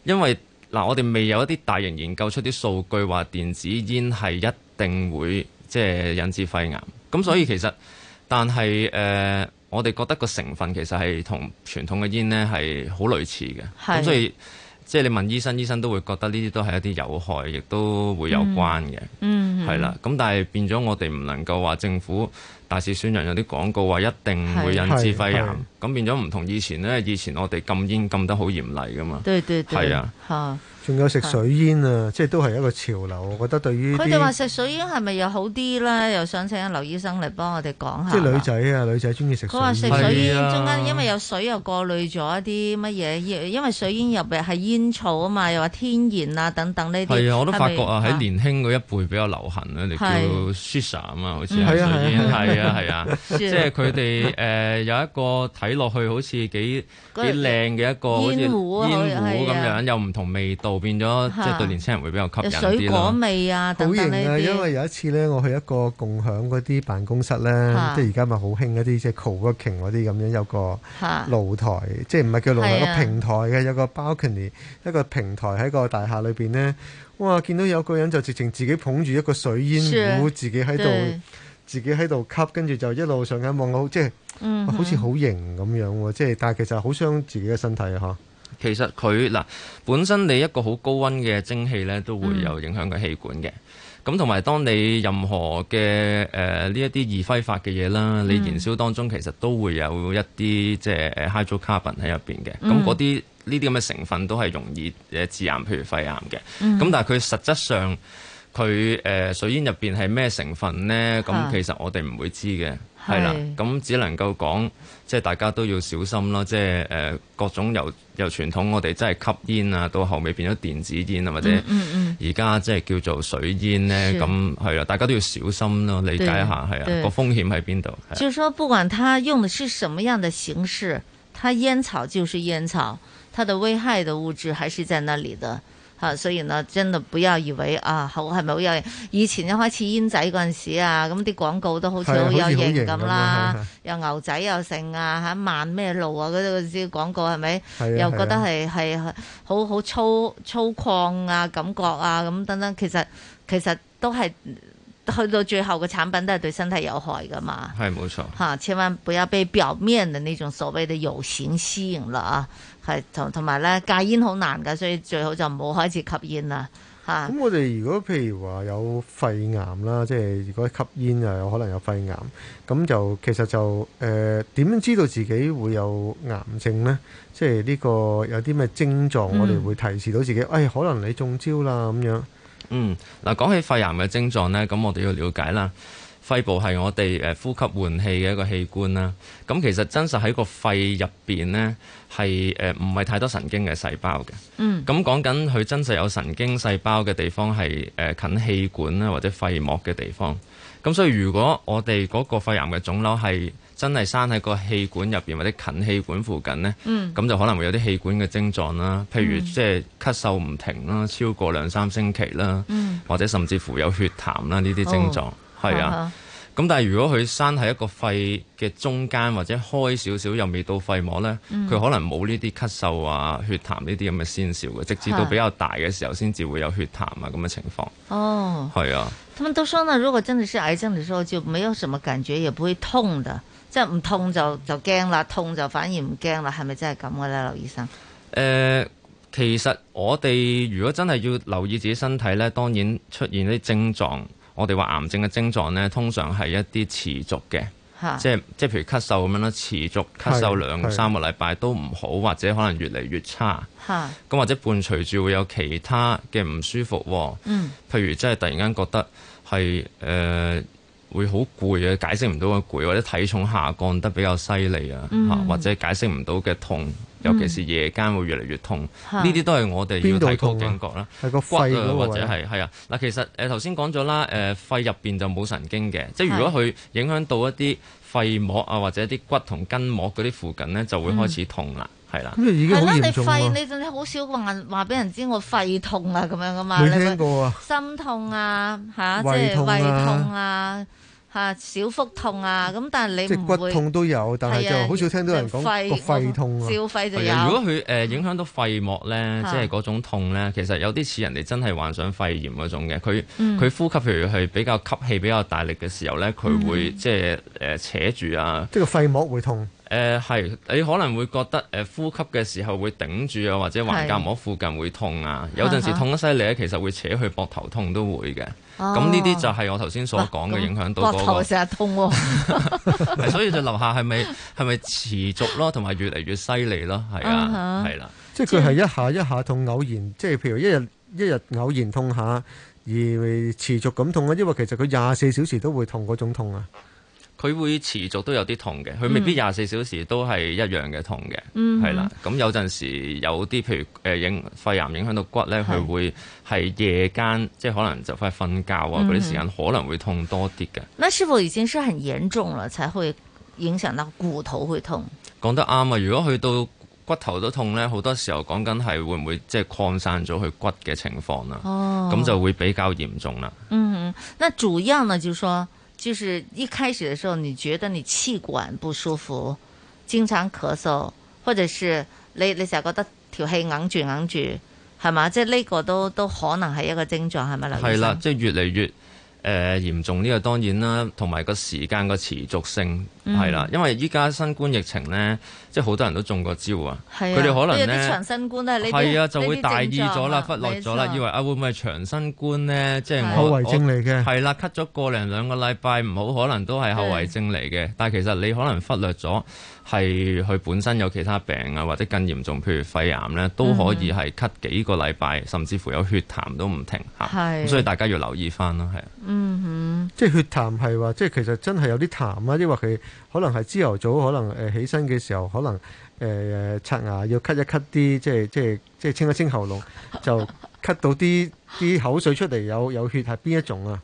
因為嗱，我哋未有一啲大型研究出啲數據，話電子煙係一定會即係引致肺癌。咁所以其實，但係誒，我哋覺得個成分其實係同傳統嘅煙呢係好類似嘅。咁所以即係你問醫生，醫生都會覺得呢啲都係一啲有害，亦都會有關嘅、嗯。嗯，係啦。咁但係變咗我哋唔能夠話政府，大肆宣揚有啲廣告話一定會引致肺癌，咁變咗唔同以前咧。以前我哋禁煙禁得好嚴厲㗎嘛，係啊，仲有食水煙啊，即係都係一個潮流。我覺得對於佢哋話食水煙係咪又好啲咧？又想請阿劉醫生嚟幫我哋講下。即係女仔啊，女仔鍾意食水煙。佢話食水煙中間因為有水又過濾咗一啲乜嘢，因為水煙入邊係煙草啊嘛，又話天然啊等等呢啲。係啊，我都發覺啊，喺年輕嗰一輩比較流行啊，你叫 Shisha 啊嘛，好似水煙係啊，係啊，即係佢哋誒有一個睇落去好似幾幾靚嘅一個，好似煙壺咁樣，有唔同味道，變咗即係對年輕人會比較吸引啲。水果味啊，等等啊，好型啊，因為有一次咧，我去一個共享嗰啲辦公室咧，即係而家咪好興嗰啲即係 co-working 嗰啲咁樣，有個露台，即係唔係叫露台，個平台嘅有個 balcony，一個平台喺個大廈裏邊咧，哇！見到有個人就直情自己捧住一個水煙壺，自己喺度。自己喺度吸，跟住就一路上緊望到，即、就、係、是、好似好型咁樣喎。即係，但係其實好傷自己嘅身體啊！其實佢嗱本身你一個好高温嘅蒸汽呢，都會有影響佢氣管嘅。咁同埋，當你任何嘅誒呢一啲易揮發嘅嘢啦，你燃燒當中其實都會有一啲即係 hydrocarbon 喺入邊嘅。咁嗰啲呢啲咁嘅成分都係容易誒致癌，譬如肺癌嘅。咁、嗯、但係佢實質上。佢誒、呃、水煙入邊係咩成分呢？咁其實我哋唔會知嘅，係、啊、啦。咁是只能夠講，即係大家都要小心啦。即係誒、呃、各種由由傳統我哋真係吸煙啊，到後尾變咗電子煙啊，或者而家即係叫做水煙呢。咁係啦，大家都要小心咯。理解一下係啊，個風險喺邊度？是就是說，不管它用嘅是什麼樣的形式，它煙草就是煙草，它的危害的物質還是在那裡的。嚇，雖然的不要啊，真係比較以為啊，好係咪好有型？以前一開始煙仔嗰陣時啊，咁啲廣告都好似好有型咁啦，又牛仔又剩啊，嚇慢咩路啊，嗰啲嗰啲廣告係咪？的又覺得係係好好粗粗獷啊，感覺啊，咁等等，其實其實都係。去到最後嘅產品都係對身體有害噶嘛，係冇錯吓，錯，千萬不要被表面嘅呢種所謂嘅有形吸引了啊，係同同埋咧戒煙好難噶，所以最好就唔好開始吸煙啦吓。咁我哋如果譬如話有肺癌啦，即係如果吸煙又有可能有肺癌，咁就其實就誒點、呃、樣知道自己會有癌症呢？即係呢個有啲咩症狀，我哋會提示到自己，誒、嗯哎、可能你中招啦咁樣。嗯，嗱，講起肺癌嘅症狀呢，咁我哋要了解啦。肺部係我哋誒呼吸換氣嘅一個器官啦。咁其實真實喺個肺入邊呢，係誒唔係太多神經嘅細胞嘅。嗯。咁講緊佢真實有神經細胞嘅地方係誒、呃、近氣管呀，或者肺膜嘅地方。咁所以如果我哋嗰個肺癌嘅腫瘤係真係生喺個氣管入邊或者近氣管附近呢，咁、嗯、就可能會有啲氣管嘅症狀啦，譬如即係咳嗽唔停啦，超過兩三星期啦，嗯、或者甚至乎有血痰啦呢啲症狀，係、哦、啊。咁、嗯、但係如果佢生喺一個肺嘅中間或者開少少又未到肺膜呢，佢、嗯、可能冇呢啲咳嗽啊、血痰呢啲咁嘅先兆嘅，直至到比較大嘅時候先至會有血痰啊咁嘅情況。哦，係啊。他們都說呢，如果真的是癌症嘅時候，就沒有什麼感覺，也不會痛的。即係唔痛就就驚啦，痛就反而唔驚啦，係咪真係咁嘅咧，劉醫生？誒、呃，其實我哋如果真係要留意自己身體咧，當然出現啲症狀，我哋話癌症嘅症狀咧，通常係一啲持續嘅，啊、即係即係譬如咳嗽咁樣啦，持續咳嗽兩三個禮拜都唔好，的或者可能越嚟越差，咁、啊、或者伴隨住會有其他嘅唔舒服，嗯、譬如即係突然間覺得係誒。呃會好攰啊，解釋唔到嘅攰，或者體重下降得比較犀利啊，或者解釋唔到嘅痛，尤其是夜間會越嚟越痛，呢啲都係我哋要提高警覺啦。係個骨或者係係啊。嗱，其實誒頭先講咗啦，誒肺入邊就冇神經嘅，即係如果佢影響到一啲肺膜啊，或者啲骨同筋膜嗰啲附近咧，就會開始痛啦，係啦。咁你已經好嚴重啦。係啦，你肺你你好少話話俾人知我肺痛啊咁樣噶嘛？冇聽過啊。心痛啊，嚇！即係胃痛啊。吓，小腹痛啊，咁但係你即係骨痛都有，但係就好少聽到人講個肺痛啊。小肺就有，如果佢誒影響到肺膜咧，嗯、即係嗰種痛咧，其實有啲似人哋真係患上肺炎嗰種嘅。佢佢呼吸譬如係比較吸氣比較大力嘅時候咧，佢會、嗯、即係誒扯住啊，即係個肺膜會痛。誒係、呃，你可能會覺得誒、呃、呼吸嘅時候會頂住啊，或者橫膈膜附近會痛啊。的有陣時痛得犀利咧，其實會扯去膊頭痛都會嘅。咁呢啲就係我頭先所講嘅影響到嗰、嗰個。膊頭、啊、成日痛、啊、 [LAUGHS] [LAUGHS] 所以就留下係咪係咪持續咯，同埋越嚟越犀利咯，係啊哈，係啦的。即係佢係一下一下痛，偶然即係譬如一日一日，一日偶然痛下，而持續咁痛咧，因為其實佢廿四小時都會痛嗰種痛啊。佢會持續都有啲痛嘅，佢未必廿四小時都係一樣嘅痛嘅，係、嗯、啦。咁有陣時有啲譬如誒影、呃、肺癌影響到骨咧，佢是會係夜間即係可能就快瞓覺啊嗰啲時間可能會痛多啲嘅。嗯、哼那是否已經是很嚴重了，才會影響到骨頭會痛？講得啱啊！如果去到骨頭都痛咧，好多時候講緊係會唔會即係擴散咗佢骨嘅情況啦、啊。哦，咁就會比較嚴重啦。嗯哼，那主要呢就係、是、話。就是一開始的時候，你覺得你氣管不舒服，經常咳嗽，或者是你成日覺得條氣硬住硬住，係嘛？即係呢個都都可能係一個症狀，係咪？劉醫生。係啦，即係越嚟越誒呃、嚴重，呢個當然啦，同埋個時間個持續性。係啦，因為依家新冠疫情咧，即係好多人都中過招啊。佢哋可能咧，長新冠咧，係啊，就會大意咗啦，忽略咗啦，以為啊，會唔會係長新冠咧？即係後遺症嚟嘅。係啦，咳咗個零兩個禮拜唔好，可能都係後遺症嚟嘅。但係其實你可能忽略咗，係佢本身有其他病啊，或者更嚴重，譬如肺癌咧，都可以係咳幾個禮拜，甚至乎有血痰都唔停。係。咁所以大家要留意翻咯，係。嗯哼。即係血痰係話，即係其實真係有啲痰啊，抑或係。可能係朝頭早，可能誒、呃、起身嘅時候，可能誒刷、呃、牙要咳一咳啲，即係即係即係清一清喉嚨，就咳到啲啲 [LAUGHS] 口水出嚟，有有血係邊一種啊？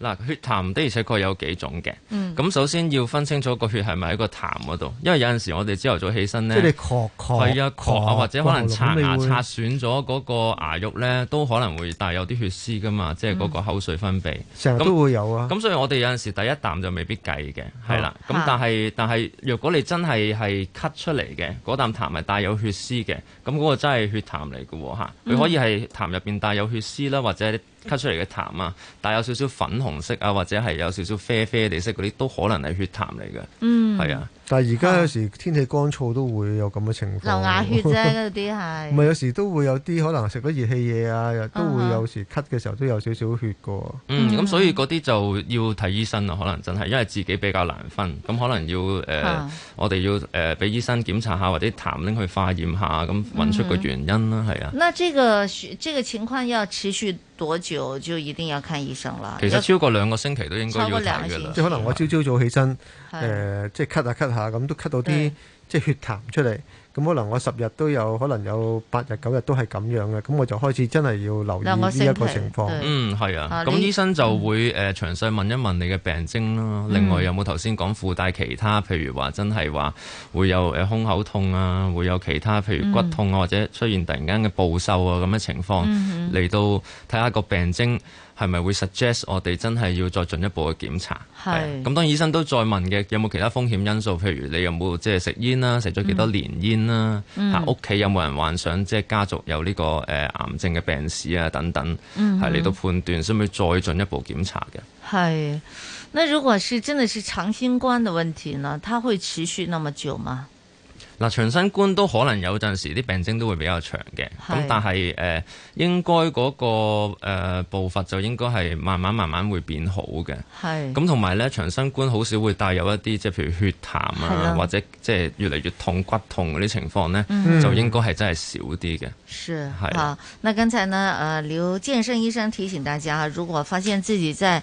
嗱，血痰的而且確有幾種嘅，咁首先要分清楚個血係咪喺個痰嗰度，因為有陣時我哋朝頭早起身咧，即係咳，咳咳，係啊咳啊，或者可能刷牙刷損咗嗰個牙肉咧，都可能會帶有啲血絲噶嘛，即係嗰個口水分泌，成日、嗯、都會有啊。咁所以我哋有陣時第一啖就未必計嘅，係啦。咁但係但係，若果你真係係咳出嚟嘅嗰啖痰係帶有血絲嘅，咁、那、嗰個真係血痰嚟嘅喎嚇，佢可以係痰入邊帶有血絲啦，或者。咳出嚟嘅痰啊，但有少少粉紅色啊，或者係有少少啡啡哋色嗰啲，都可能係血痰嚟嘅，係啊、嗯。.但係而家有時天氣乾燥都會有咁嘅情況，流牙血啫，嗰啲係唔係有時都會有啲可能食咗熱氣嘢啊，都會有時咳嘅時候都有少少血㗎。嗯，咁所以嗰啲就要睇醫生啦，可能真係因為自己比較難分，咁可能要誒、呃嗯、我哋要誒俾、呃、醫生檢查下或者痰拎去化驗下，咁揾出個原因啦，係、嗯、啊。那這個這個情況要持續多久，就一定要看醫生啦。其實超過兩個星期都應該要睇嘅啦。即、嗯嗯、可能我朝朝早起身。誒、呃，即係咳下咳下，咁都咳到啲是的 即係血痰出嚟。咁可能我十日都有，可能有八日九日都係咁樣嘅。咁我就開始真係要留意呢一個，個情況。對嗯，係啊。咁、嗯、醫生就會誒詳細問一問你嘅病徵囉。另外有冇頭先講附帶其他？譬如話真係話會有誒胸口痛啊，會有其他譬如骨痛啊，嗯、或者出現突然間嘅暴瘦啊咁嘅情況嚟、嗯嗯、到睇下個病徵。係咪會 suggest 我哋真係要再進一步嘅檢查？係咁是，當然醫生都再問嘅，有冇其他風險因素？譬如你有冇即係食煙啦，食咗幾多少年幾多年煙啦？嚇屋企有冇人患上即係家族有呢個誒癌症嘅病史啊？等等，係嚟到判斷，需唔需要再進一步檢查嘅？係，那如果是真的是長新冠嘅問題呢？它會持續那麼久嗎？嗱、呃，長新冠都可能有陣時啲病徵都會比較長嘅，咁是但係誒、呃、應該嗰、那個、呃、步伐就應該係慢慢慢慢會變好嘅。係是，咁同埋咧長新冠好少會帶有一啲即係譬如血痰啊，啊或者即係越嚟越痛骨痛嗰啲情況咧，嗯、就應該係真係少啲嘅。是，係啊是是。那剛才呢？誒、呃，劉健生醫生提醒大家，如果發現自己在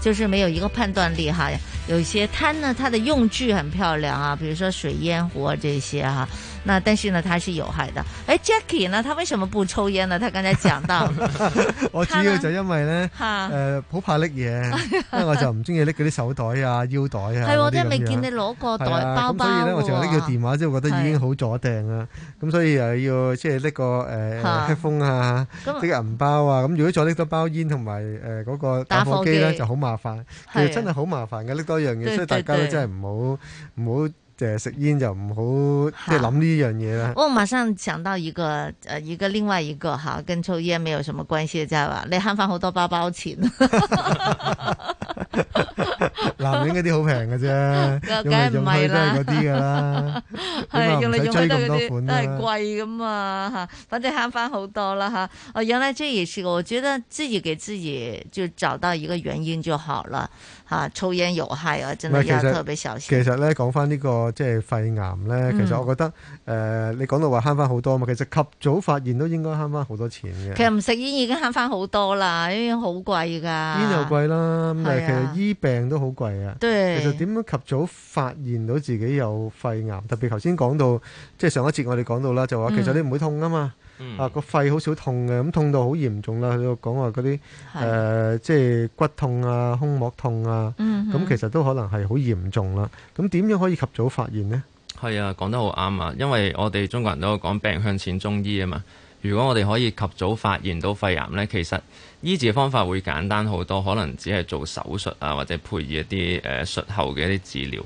就是沒有一個判斷力哈、啊，有一些攤呢，它的用具很漂亮啊，比如說水煙壺啊這些哈、啊，那但是呢它是有害的。誒、欸、Jackie 呢，他為什麼不抽煙呢？他剛才講到， [LAUGHS] 我主要就是因為呢，吓、啊，誒、呃，好怕拎嘢， [LAUGHS] 因為我就唔中意拎嗰啲手袋啊、腰袋啊。係、啊，我真係未見你攞過袋包包、啊啊、所以呢，我就拎個電話，之後覺得已經好阻定啊。咁、嗯、所以又要即係拎個誒麥克風啊，呢、啊、個銀包啊。咁如果再拎多包煙同埋誒個打火機咧，就好麻煩。麻煩，其實真係好麻煩嘅，拎的多一樣嘢，對對對，所以大家都真係唔好唔好。唔好吃煙就食煙就唔、是、好即係諗呢樣嘢啦。我馬上想到一個誒，一、呃、個另外一個吓、啊，跟抽煙沒有什麼關係嘅啫吧，你慳翻好多包包錢， [LAUGHS] [LAUGHS] 男人嗰啲好平嘅啫，用嚟用去都係嗰啲噶啦，係用嚟用去都係貴噶嘛吓、啊，反正慳翻好多啦吓。哦、啊啊，原來這也是個，我覺得自己給自己就找到一個原因就好了。吓，抽煙、啊、有害啊！真係特別小心。其實咧，講翻呢、呢個即係肺癌咧，其實我覺得誒、嗯呃，你講到話慳翻好多嘛。其實及早發現都應該慳翻好多錢嘅。其實唔食煙已經慳翻好多啦，因為好貴貴啦，煙好貴噶。煙又貴啦，咁但其實醫病都好貴啊。對。其實點樣及早發現到自己有肺癌？對特別頭先講到，即係上一節我哋講到啦，就話其實你唔會痛噶嘛。嗯嗯、啊！個肺好少痛嘅，咁痛到好嚴重啦。佢講話嗰啲誒，即係骨痛啊、胸膜痛啊，咁、嗯、哼其實都可能係好嚴重啦。咁點樣可以及早發現呢？係啊，講得好啱啊，因為我哋中國人都講病向淺中醫啊嘛。如果我哋可以及早發現到肺癌呢，其實醫治嘅方法會簡單好多，可能只係做手術啊，或者配以一啲誒、呃、術後嘅一啲治療。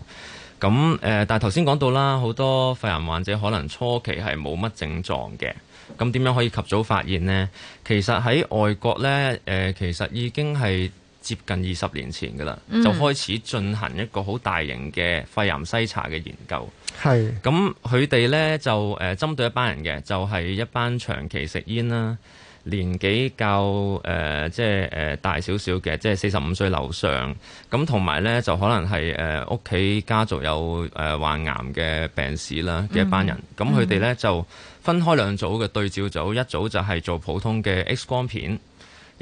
咁誒、呃，但係頭先講到啦，好多肺癌患者可能初期係冇乜症狀嘅。咁點樣可以及早發現呢？其實喺外國呢、呃，其實已經係接近二十年前嘅啦，嗯、就開始進行一個好大型嘅肺癌篩查嘅研究。係咁是，佢哋呢，就、呃、針對一班人嘅，就係、是、一班長期食煙啦、年紀較即大少少嘅，即係四十五歲樓上咁，同埋呢，就可能係屋企家族有、呃、患癌嘅病史啦嘅一班人。咁佢哋呢，就。分開兩組嘅對照組，一組就係做普通嘅 X 光片。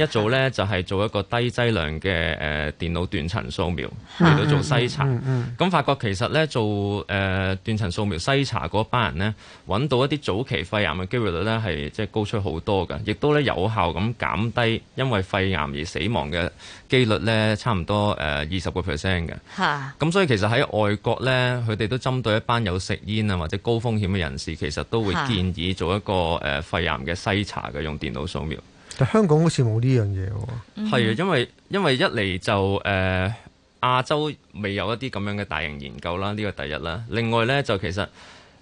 一做咧就係、是、做一個低劑量嘅誒、呃、電腦斷層掃描，嚟到做篩查。咁發覺其實咧做誒、呃、斷層掃描篩查嗰班人咧，揾到一啲早期肺癌嘅機會率咧係即係高出好多嘅，亦都咧有效咁減低因為肺癌而死亡嘅機率咧，差唔多誒二十個 percent 嘅。咁、呃啊、所以其實喺外國咧，佢哋都針對一班有食煙啊或者高風險嘅人士，其實都會建議做一個誒、呃呃、肺癌嘅篩查嘅，用電腦掃描。但香港好似冇呢樣嘢喎？係啊，因為因為一嚟就誒亞洲未有一啲咁樣嘅大型研究啦，呢個第一啦。另外呢，就其實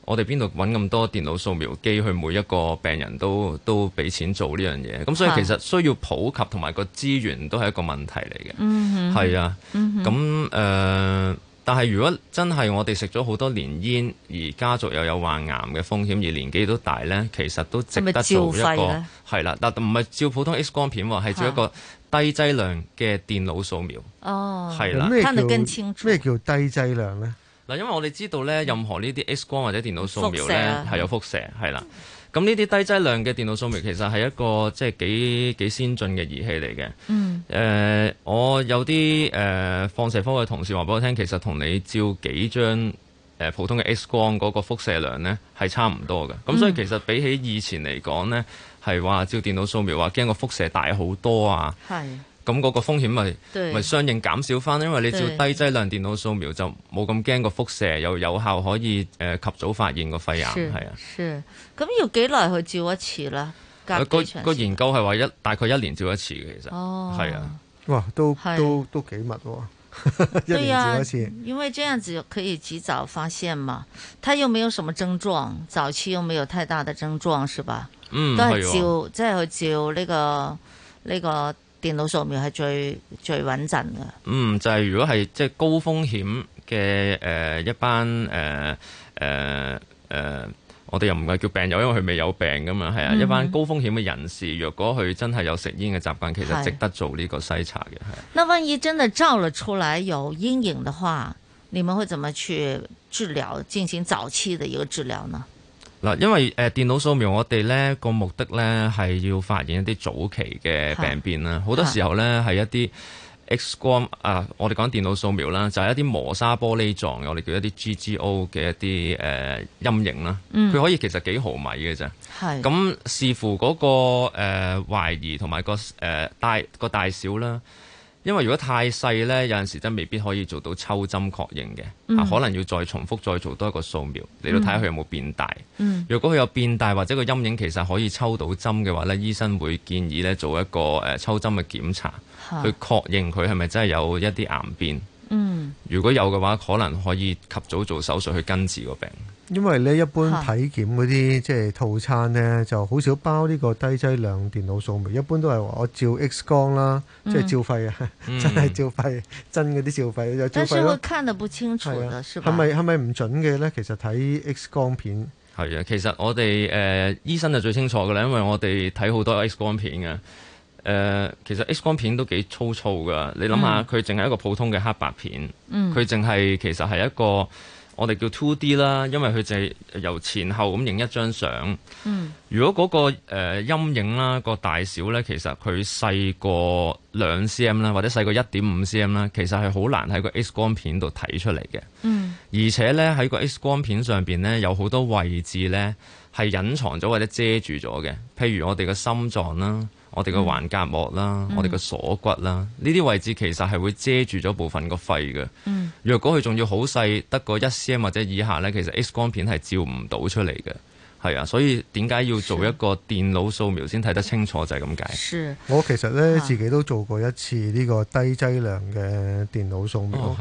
我哋邊度揾咁多電腦掃描機去每一個病人都都俾錢做呢樣嘢？咁所以其實需要普及同埋個資源都係一個問題嚟嘅，係啊，咁誒。但係如果真係我哋食咗好多年煙，而家族又有患癌嘅風險，而年紀都大呢，其實都值得做一個係啦。但唔係照普通 X 光片喎，係照一個低劑量嘅電腦掃描。的哦，係啦的。睇得更清楚。咩叫低劑量呢？嗱，因為我哋知道呢，任何呢啲 X 光或者電腦掃描呢，係有輻射，係啦。咁呢啲低劑量嘅電腦掃描，其實係一個即係幾幾先進嘅儀器嚟嘅。嗯、呃。我有啲、呃、放射科嘅同事話俾我聽，其實同你照幾張、呃、普通嘅 X 光嗰個輻射量呢係差唔多嘅。咁、嗯、所以其實比起以前嚟講呢，係話照電腦掃描話驚個輻射大好多啊。係。咁嗰個風險咪咪相應減少翻，因為你照低劑量電腦掃描就冇咁驚個輻射，又有效可以誒及早發現個肺癌係啊。係咁要幾耐去照一次啦？個研究係話一大概一年照一次嘅，其實哦係啊，哇都都都，都幾密喎，啊！是 [LAUGHS] 一年照一次，啊，因為這樣子可以及早發現嘛。他又沒有什麼症狀，早期又沒有太大的症狀，是吧？嗯，都係照即係去照呢個呢個。這個電腦掃描係最最穩陣嘅。嗯，就係、是、如果係即係高風險嘅誒、呃、一班誒誒誒，我哋又唔係叫病友，因為佢未有病噶嘛，係啊，嗯、一班高風險嘅人士，若果佢真係有食煙嘅習慣，其實值得做呢個篩查嘅。係是。是那萬一真的照了出來有陰影的話，你們會怎麼去治療，進行早期的一個治療呢？嗱，因為誒、呃、電腦掃描我哋咧個目的咧係要發現一啲早期嘅病變啦，好是多時候咧係是一啲 X 光啊、呃，我哋講電腦掃描啦，就係、是、一啲磨砂玻璃狀嘅，我哋叫一啲 GGO 嘅一啲誒陰影啦，佢、呃、可以其實幾毫米嘅啫，咁是視乎嗰、那個誒懷、呃、疑同埋、那個誒、呃、大個大小啦。因為如果太細呢，有陣時真係未必可以做到抽針確認嘅，嗯、可能要再重複再做多一個掃描嚟到睇下佢有冇變大。嗯、如果佢有變大或者個陰影其實可以抽到針嘅話呢，醫生會建議呢做一個誒抽針嘅檢查，去確認佢係咪真係有一啲癌變。嗯，如果有嘅話，可能可以及早做手術去根治個病。因為咧，一般體檢嗰啲即係套餐咧，就好少包呢個低劑量電腦掃描，一般都係話我照 X 光啦，嗯、即係照肺啊，嗯、真係照肺，真嗰啲照肺。照肺但是會看得不清楚啊，係咪係咪唔準嘅咧？其實睇 X 光片係啊，其實我哋誒、呃、醫生就最清楚嘅啦，因為我哋睇好多 X 光片啊。誒、呃，其實 X 光片都幾粗糙噶。你諗下，佢淨係一個普通嘅黑白片，佢淨係其實係一個我哋叫 two D 啦，因為佢就係由前後咁影一張相。嗯、如果嗰、嗰個誒、呃、陰影啦，個大小咧，其實佢細過兩 cm 啦，或者細過一點五 cm 啦，其實係好難喺個 X 光片度睇出嚟嘅。嗯、而且咧喺個 X 光片上邊咧，有好多位置咧係隱藏咗或者遮住咗嘅，譬如我哋嘅心臟啦。我哋嘅環甲膜啦，嗯嗯，我哋嘅鎖骨啦，呢啲位置其實係會遮住咗部分個肺嘅。嗯嗯，若果佢仲要好細，得個一 c m 或者以下呢，其實 X 光片係照唔到出嚟嘅。係啊，所以點解要做一個電腦掃描先睇得清楚，是是就係咁解。我其實呢，自己都做過一次呢個低劑量嘅電腦掃描。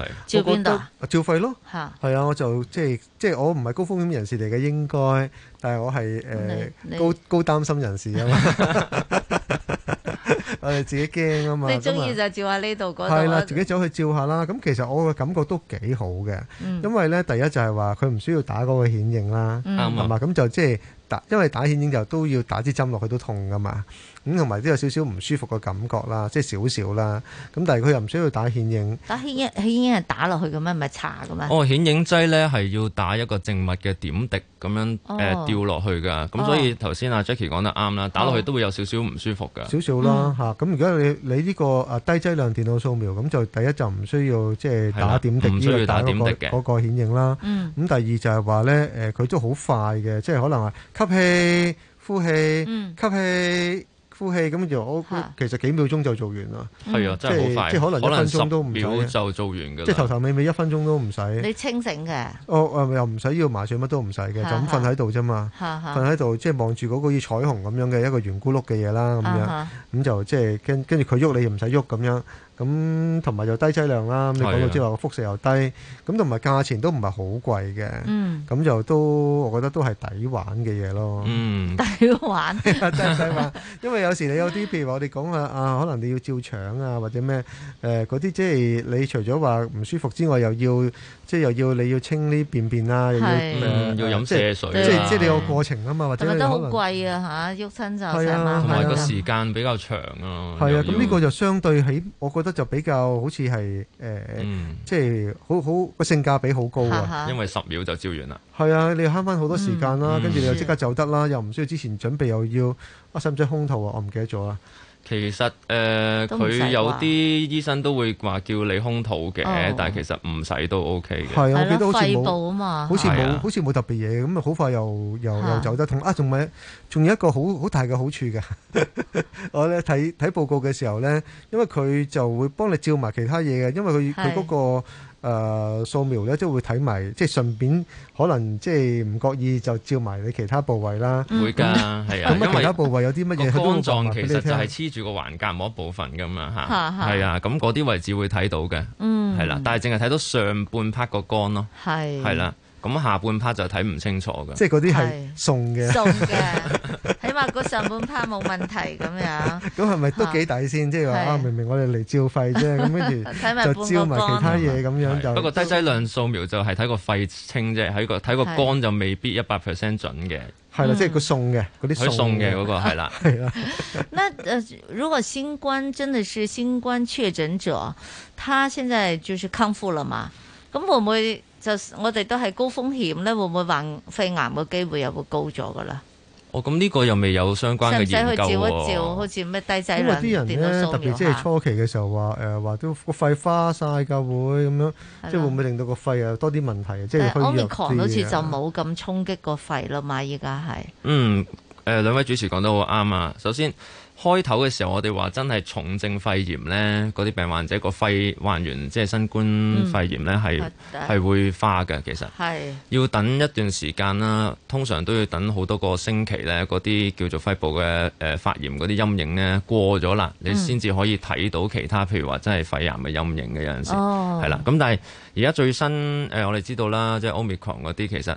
照肺咯。吓。係啊，是啊、我就即係即係我唔係高風險人士嚟嘅，應該，但係我係誒、呃、高高擔心人士啊嘛。 [LAUGHS] [LAUGHS] 我哋自己驚啊嘛！ [LAUGHS] 你中意就照下呢度嗰度，係啦， [LAUGHS] 自己走去照下啦。咁其實我嘅感覺都幾好嘅，嗯、因為咧第一就係話佢唔需要打嗰個顯影啦，係嘛、嗯？咁就即係打，因為打顯影就都要打支針落去都痛噶嘛。咁同埋都有少少唔舒服嘅感覺啦，即係少少啦。咁但係佢又唔需要打顯影。打顯影打顯影，顯影係打落去咁樣唔係搽咁樣？咩？哦，顯影劑咧係要打一個靜脈嘅點滴咁樣誒掉落去㗎。咁所以頭先阿、哦、Jackie 講得啱啦，打落去都會有少少唔舒服㗎。少少啦，咁如果你你呢個低劑量電腦掃描咁，就第一就唔需要即係打點滴，唔需要打點滴嘅嗰、那個、個顯影啦。咁、嗯、第二就係話咧佢都好快嘅，即係可能係吸氣、呼氣、嗯、吸氣。呼氣咁就我其實幾秒鐘就做完啦，係啊，即係即係可能一分鐘都唔使，就做完嘅，即係頭頭尾尾一分鐘都唔使。你清醒嘅、哦，我又唔使要麻醉，乜都唔使嘅，就咁瞓喺度啫嘛，瞓喺度即係望住嗰個似彩虹咁樣嘅一個圓咕碌嘅嘢啦咁樣，咁的的就即係跟跟住佢喐你又唔使喐咁樣。咁同埋又低劑量啦，咁的你講到即係話個輻射又低，咁同埋價錢都唔係好貴嘅，咁、嗯、就都我覺得都係抵玩嘅嘢咯。嗯，抵玩真係抵玩，因為有時你有啲譬如話我哋講啊啊，可能你要照腸啊或者咩誒嗰啲，即、呃、係你除咗話唔舒服之外，又要。即係又要你要清呢便便啊，又要要飲瀉水，即係即係你個過程啊嘛，或者覺得好貴啊吓，喐親就係啊，同埋個時間比較長啊。係啊，咁呢個就相對起，我覺得就比較好似係誒，即係好好個性價比好高啊，因為十秒就照完啦。係啊，你慳翻好多時間啦，跟住你又即刻走得啦，又唔需要之前準備又要啊，使唔使空肚啊？我唔記得咗啊。其實誒，佢、呃、有啲醫生都會話叫你空肚嘅，哦、但係其實唔使都 OK 嘅。係啊，我記得好似冇啊嘛，好似冇的好似冇特別嘢，咁啊好快又又又走得痛啊！仲咪仲有一個好好大嘅好處嘅， [LAUGHS] 我咧睇睇報告嘅時候咧，因為佢就會幫你照埋其他嘢嘅，因為佢佢嗰個。誒掃、呃、描咧，即係會睇埋，即係順便可能即係唔覺意就照埋你其他部位啦。會㗎，係啊。咁啊，其他部位有啲乜嘢？個肝臟其實就係黐住個橫膈膜一部分㗎嘛，吓的，係啊，咁嗰啲位置會睇到嘅。嗯，係啦，但係淨係睇到上半 part 個肝咯。係的，係啦。咁下半 part 就睇唔清楚嘅，即係嗰啲係送嘅，送嘅，起碼個上半 part 冇問題咁樣。咁係咪都幾抵先？即係話啊，明明我哋嚟照肺啫，咁跟住睇埋照埋其他嘢，咁樣就。不過低劑量掃描就係睇個肺清啫，喺個睇個肝就未必一百 percent 準嘅。係啦，即係佢送嘅嗰啲送嘅嗰個係啦。係啦。那誒，如果新冠真係是新冠確診者，他現在就是康復了嘛？咁會唔會？我哋都係高風險咧，會唔會患肺癌嘅機會又會高咗噶啦？哦，咁呢個又未有相關嘅研究喎、啊。唔使去照一照，好似咩低劑量電腦掃描啲人，特別即係初期嘅時候話誒、話都個肺花晒噶會咁樣，即係的會唔會令到個肺又多啲問題？即係譬如，如果好似就冇咁衝擊個肺啦嘛，依家係。嗯，誒、呃、兩位主持講得好啱啊！首先。開頭嘅時候，我哋話真係重症肺炎呢，嗰啲病患者個肺患完，即係、就是、新冠肺炎呢，係係、嗯、會花嘅。其實係的要等一段時間啦，通常都要等好多個星期呢，嗰啲叫做肺部嘅誒、呃、發炎嗰啲陰影呢，過咗啦，你先至可以睇到其他，嗯、譬如話真係肺癌嘅陰影嘅有陣時，係啦、哦。咁但係而家最新、呃、我哋知道啦，即、就、係、是、Omicron 嗰啲其實。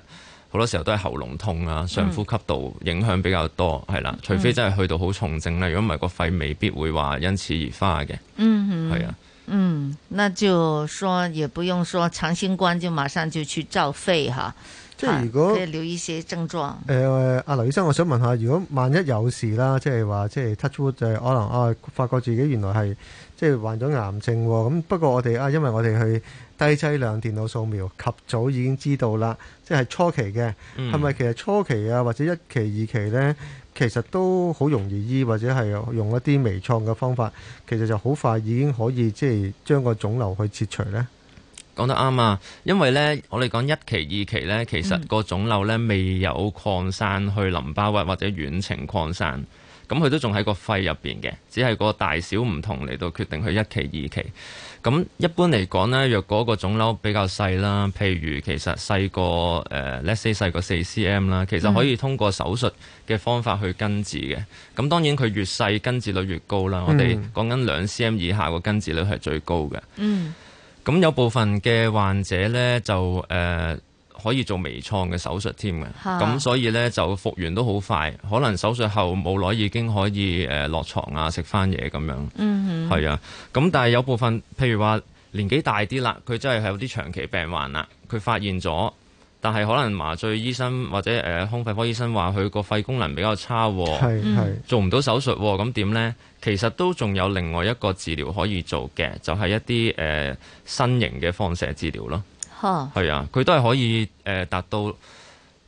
好多時候都係喉嚨痛啊，上呼吸道影響比較多，係啦、嗯。除非真係去到好重症啦，如果唔係個肺未必會話因此而花嘅、嗯。嗯，係啊。嗯，那就說也不用說，長新冠就馬上就去照肺哈？即係如果、啊、可以留一些症狀。誒、呃，阿、呃、劉醫生，我想問下，如果萬一有事啦，即係話即係 touch wood 就可能啊，發覺自己原來係即係患咗癌症喎。咁、啊、不過我哋啊，因為我哋去。低劑量電腦掃描及早已經知道啦，即係初期嘅，係咪、嗯、其實初期啊，或者一期、二期呢，其實都好容易醫，或者係用一啲微創嘅方法，其實就好快已經可以即係將個腫瘤去切除呢。講得啱啊，因為呢，我哋講一期、二期呢，其實個腫瘤呢未有擴散去淋巴核或者遠程擴散，咁佢都仲喺個肺入邊嘅，只係個大小唔同嚟到決定去一期、二期。咁一般嚟講呢，若果個腫瘤比較細啦，譬如其實細過誒、呃、let's say 細過四 cm 啦，其實可以通過手術嘅方法去根治嘅。咁當然佢越細根治率越高啦。我哋講緊兩 cm 以下個根治率係最高嘅。嗯。咁有部分嘅患者呢，就誒。呃可以做微創嘅手術添嘅，咁、啊、所以呢，就復原都好快，可能手術後冇耐已經可以誒落、呃、床啊，食翻嘢咁樣。嗯哼。係啊，咁但係有部分譬如話年紀大啲啦，佢真係有啲長期病患啦，佢發現咗，但係可能麻醉醫生或者誒、呃、胸肺科醫生話佢個肺功能比較差，係做唔到手術、啊，咁點呢？其實都仲有另外一個治療可以做嘅，就係、是、一啲誒、呃、新型嘅放射治療咯。係啊，佢都係可以誒達到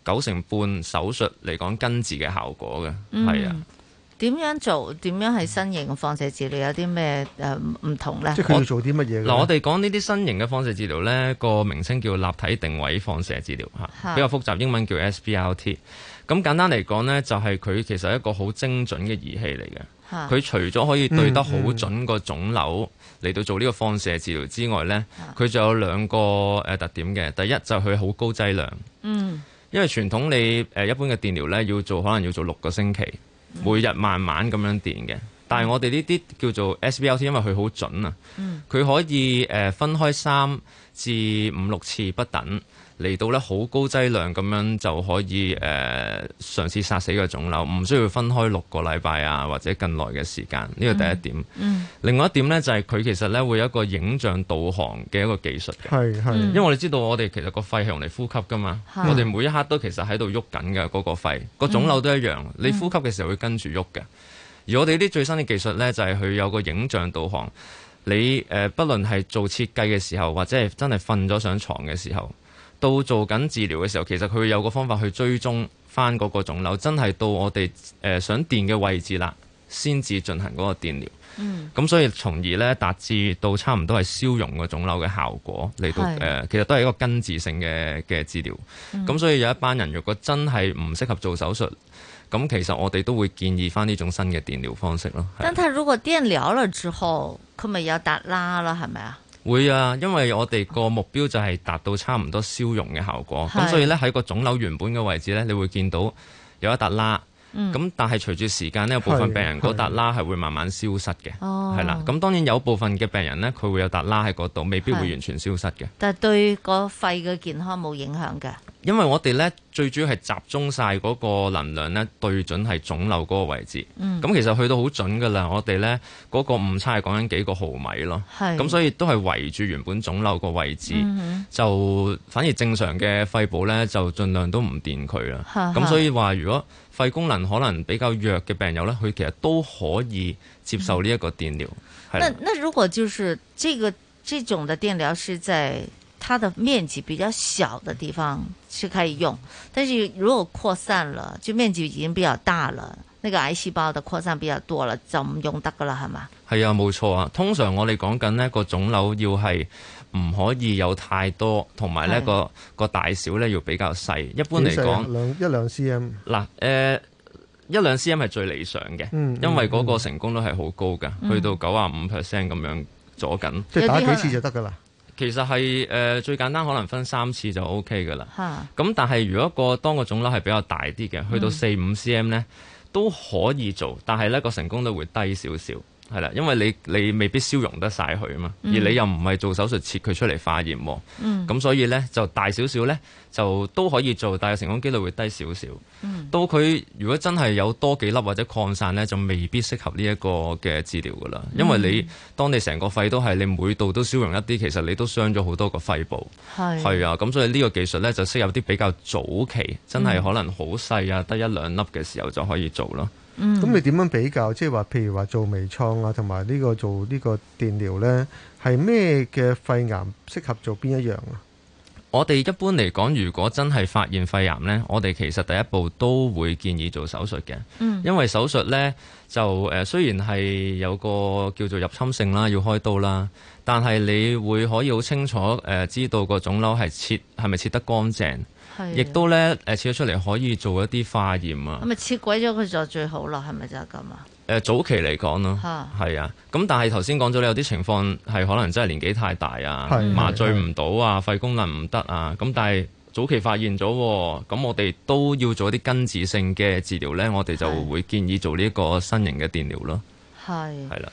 九成半手術嚟講根治嘅效果嘅。係啊，點、嗯、樣做？點樣係新型放射治療？有啲咩誒唔同咧？即係佢要做啲乜嘢？嗱，我哋講呢啲新型嘅放射治療咧，個名稱叫立體定位放射治療吓，比較複雜，英文叫 SBRT。咁簡單嚟講咧，就係佢其實係一個好精準嘅儀器嚟嘅。佢除咗可以對得好準個腫瘤，嗯嗯嚟到做呢個放射治療之外呢，佢就有兩個誒特點嘅。第一就佢好高劑量，嗯，因為傳統你誒一般嘅電療呢，要做可能要做六個星期，每日慢慢咁樣電嘅。但係我哋呢啲叫做 SBRT，因為佢好準啊，佢可以誒分開三至五六次不等。嚟到咧好高劑量咁樣就可以誒、呃、嘗試殺死個腫瘤，唔需要分開六個禮拜啊或者更耐嘅時間。呢個第一點。嗯嗯、另外一點呢，就係、是、佢其實咧會有一個影像導航嘅一個技術嘅。因為我哋知道我哋其實個肺係用嚟呼吸㗎嘛，是我哋每一刻都其實喺度喐緊嘅嗰個肺，個腫瘤都一樣。嗯、你呼吸嘅時候會跟住喐嘅，而我哋啲最新嘅技術呢，就係、是、佢有個影像導航，你誒、呃，不論係做設計嘅時候或者係真係瞓咗上床嘅時候。到做緊治療嘅時候，其實佢有個方法去追蹤翻嗰個腫瘤，真係到我哋誒想電嘅位置啦，先至進行嗰個電療。嗯，咁、嗯、所以從而咧達至到差唔多係消融個腫瘤嘅效果嚟到是、呃、其實都係一個根治性嘅嘅治療。咁、嗯嗯、所以有一班人如果真係唔適合做手術，咁其實我哋都會建議翻呢種新嘅電療方式咯。但係如果電療咗之後，佢咪有達啦囉係咪啊？會啊，因為我哋個目標就係達到差唔多消融嘅效果，咁是所以咧喺個腫瘤原本嘅位置咧，你會見到有一笪拉，咁、嗯、但係隨住時間有部分病人嗰笪拉係會慢慢消失嘅，係啦是。咁當然有部分嘅病人咧，佢會有笪拉喺嗰度，未必會完全消失嘅。但係對個肺嘅健康冇影響嘅。因為我哋咧最主要係集中晒嗰個能量咧，對準係腫瘤嗰個位置。咁、嗯、其實去到好準噶啦，我哋咧嗰個誤差係講緊幾個毫米咯。咁是所以都係圍住原本腫瘤個位置，嗯、哼就反而正常嘅肺部咧就盡量都唔掂佢啦。咁是所以話，如果肺功能可能比較弱嘅病友咧，佢其實都可以接受呢一個電療、嗯是。那那如果就是這個這種的電療是在？它的面積比較小的地方是可以用，但是如果擴散了，就面積已經比較大了，那個癌細胞的擴散比較多了，就唔用得噶啦，係嘛？係啊，冇錯啊。通常我哋講緊呢個腫瘤要係唔可以有太多，同埋呢、啊、個個大小呢要比較細。啊、一般嚟講，一兩 cm 嗱，誒、呃、一兩 cm 係最理想嘅，嗯嗯、因為嗰個成功率係好高噶，嗯、去到九十五 percent 咁樣阻緊，左嗯、即打幾次就得噶啦。其實係誒、呃、最簡單，可能分三次就 OK 㗎喇。咁、啊、但係如果個當個腫瘤係比較大啲嘅，去到四五 cm 咧，嗯、都可以做，但係咧，個成功率會低少少。係啦，因為你你未必消融得晒佢啊嘛，嗯、而你又唔係做手術切佢出嚟化驗喎，咁、嗯、所以呢，就大少少呢，就都可以做，但係成功機率會低少少。嗯、到佢如果真係有多幾粒或者擴散呢，就未必適合呢一個嘅治療㗎啦。因為你、嗯、當你成個肺都係你每度都消融一啲，其實你都傷咗好多個肺部，係啊是，咁所以呢個技術呢，就適合啲比較早期，真係可能好細啊，得、嗯、一兩粒嘅時候就可以做咯。咁、嗯、你點樣比較？即係話，譬如話做微創啊，同埋呢個做呢個電療呢，係咩嘅肺癌適合做邊一樣啊？我哋一般嚟講，如果真係發現肺癌呢，我哋其實第一步都會建議做手術嘅，嗯、因為手術呢，就誒、呃、雖然係有個叫做入侵性啦，要開刀啦，但係你會可以好清楚、呃、知道個腫瘤係切係咪切得乾淨。亦都咧誒切咗出嚟可以做一啲化驗啊，咁咪切鬼咗佢就最好啦，係咪就係咁、呃、啊，啊？誒早期嚟講咯，係啊，咁但係頭先講咗，你有啲情況係可能真係年紀太大啊，的麻醉唔到啊，肺功能唔得啊，咁但係早期發現咗，咁我哋都要做一啲根治性嘅治療咧，我哋就會建議做呢一個新型嘅電療咯，係的，係啦的。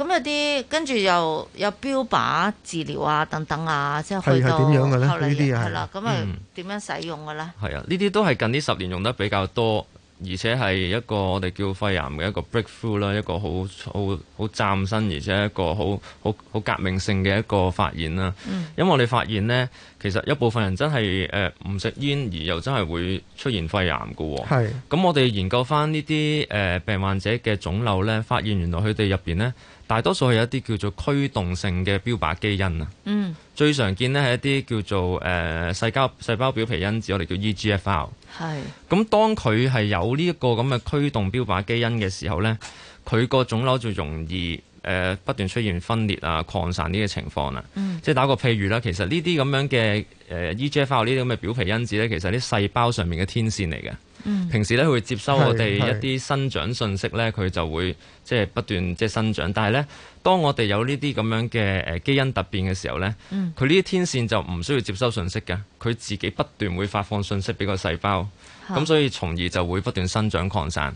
咁有啲跟住又有標靶治療啊，等等啊，即係去到後嚟呢？係啦來，咁啊點樣使用嘅咧？係啊、嗯，呢啲都係近呢十年用得比較多，而且係一個我哋叫肺癌嘅一個 breakthrough 啦，一個好好好嶄新而且一個好好好革命性嘅一個發現啦。嗯、因為我哋發現呢，其實一部分人真係唔食煙而又真係會出現肺癌㗎喎、哦。咁的我哋研究翻呢啲病患者嘅腫瘤咧，發現原來佢哋入面咧。大多數係一啲叫做驅動性嘅標靶基因啊，嗯，最常見咧係一啲叫做誒、呃、細胞細胞表皮因子，我哋叫 EGFR 啊是，係。咁當佢係有呢一個咁嘅驅動標靶基因嘅時候咧，佢個腫瘤就容易誒、呃、不斷出現分裂啊、擴散呢個情況啦。即係打個譬如啦，其實呢啲咁樣嘅誒 EGFR 呢啲咁嘅表皮因子咧，其實啲細胞上面嘅天線嚟嘅。嗯、平時咧，佢會接收我哋一啲生長信息咧，佢就會即係不斷即係生長。但係咧，當我哋有呢啲咁樣嘅誒基因突變嘅時候咧，佢呢啲天線就唔需要接收信息嘅，佢自己不斷會發放信息俾個細胞。咁是所以從而就會不斷生長擴散。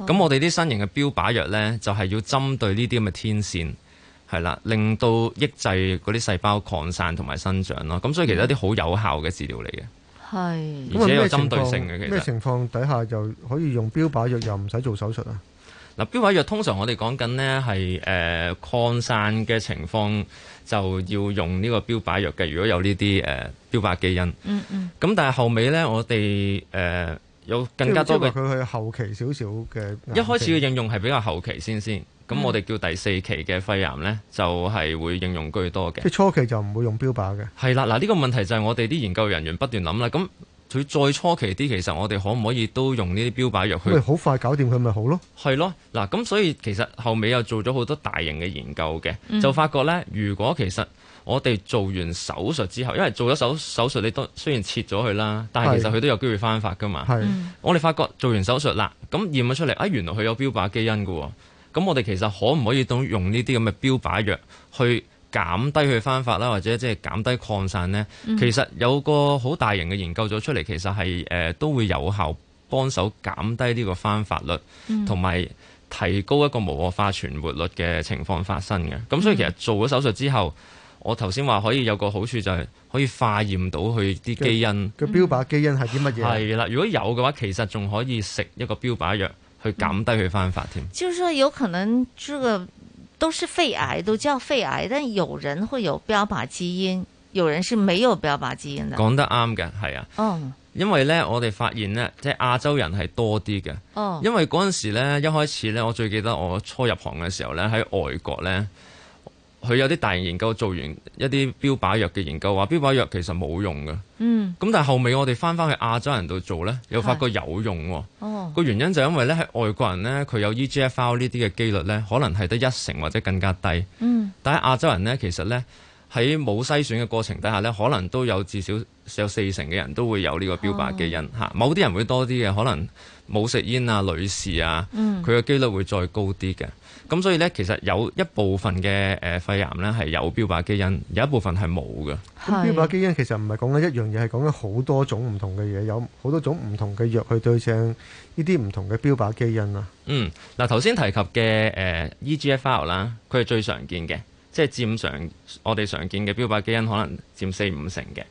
咁好我哋啲新型嘅標靶藥咧，就係、是、要針對呢啲咁嘅天線係啦，令到抑制嗰啲細胞擴散同埋生長咯。咁所以其實是一啲好有效嘅治療嚟嘅。係，而且有針對性嘅，其實咩情況底下就可以用標靶藥，又唔使做手術啊？嗱、呃，標靶藥通常我哋講緊咧係誒擴散嘅情況就要用呢個標靶藥嘅，如果有呢啲誒標靶基因。嗯嗯。咁、嗯、但係後尾咧，我哋誒、呃、有更加多嘅，佢去後期少少嘅。一開始嘅應用係比較後期先先。咁、嗯、我哋叫第四期嘅肺癌呢，就係、是、會應用居多嘅。即初期就唔會用標靶嘅。係啦，嗱呢、這個問題就係我哋啲研究人員不斷諗啦。咁佢再初期啲，其實我哋可唔可以都用呢啲標靶藥去，好快搞掂佢咪好咯？係咯，嗱咁所以其實後尾又做咗好多大型嘅研究嘅，嗯、就發覺呢。如果其實我哋做完手術之後，因為做咗手手術，你都雖然切咗佢啦，但係其實佢都有機會翻發噶嘛。是嗯、我哋發覺做完手術啦，咁驗咗出嚟，啊原來佢有標靶基因㗎喎。咁我哋其實可唔可以都用呢啲咁嘅標靶藥去減低佢復發啦，或者即係減低擴散呢？嗯、其實有個好大型嘅研究咗出嚟，其實係、呃、都會有效幫手減低呢個復發率，同埋、嗯、提高一個無惡化存活率嘅情況發生嘅。咁所以其實做咗手術之後，嗯、我頭先話可以有個好處就係可以化驗到佢啲基因嘅標靶基因係啲乜嘢？係啦、嗯，如果有嘅話，其實仲可以食一個標靶藥。去減低佢翻發添，就是說有可能，這個都是肺癌，都叫肺癌，但有人會有標靶基因，有人是沒有標靶基因的。講得啱嘅，係啊，哦，因為呢，我哋發現呢，即係亞洲人係多啲嘅，哦，因為嗰陣時呢，一開始呢，我最記得我初入行嘅時候呢，喺外國呢。佢有啲大型研究做完一啲標靶藥嘅研究，話標靶藥其實冇用嘅。嗯，咁但係後尾我哋翻翻去亞洲人度做呢，又發覺有用喎。個、哦、原因就係因為呢，喺外國人呢，佢有 E G F R 呢啲嘅機率呢，可能係得一成或者更加低。嗯，但係亞洲人呢，其實呢，喺冇篩選嘅過程底下呢，可能都有至少有四成嘅人都會有呢個標靶基因嚇。哦、某啲人會多啲嘅可能。冇食煙啊，女士啊，佢嘅機率會再高啲嘅。咁所以呢，其實有一部分嘅誒肺癌呢係有標靶基因，有一部分係冇嘅。標靶基因其實唔係講緊一樣嘢，係講緊好多種唔同嘅嘢，有好多種唔同嘅藥去對症呢啲唔同嘅標靶基因啊。嗯，嗱，頭先提及嘅誒 EGFR 啦，佢係最常見嘅，即係佔常我哋常見嘅標靶基因可能佔四五成嘅。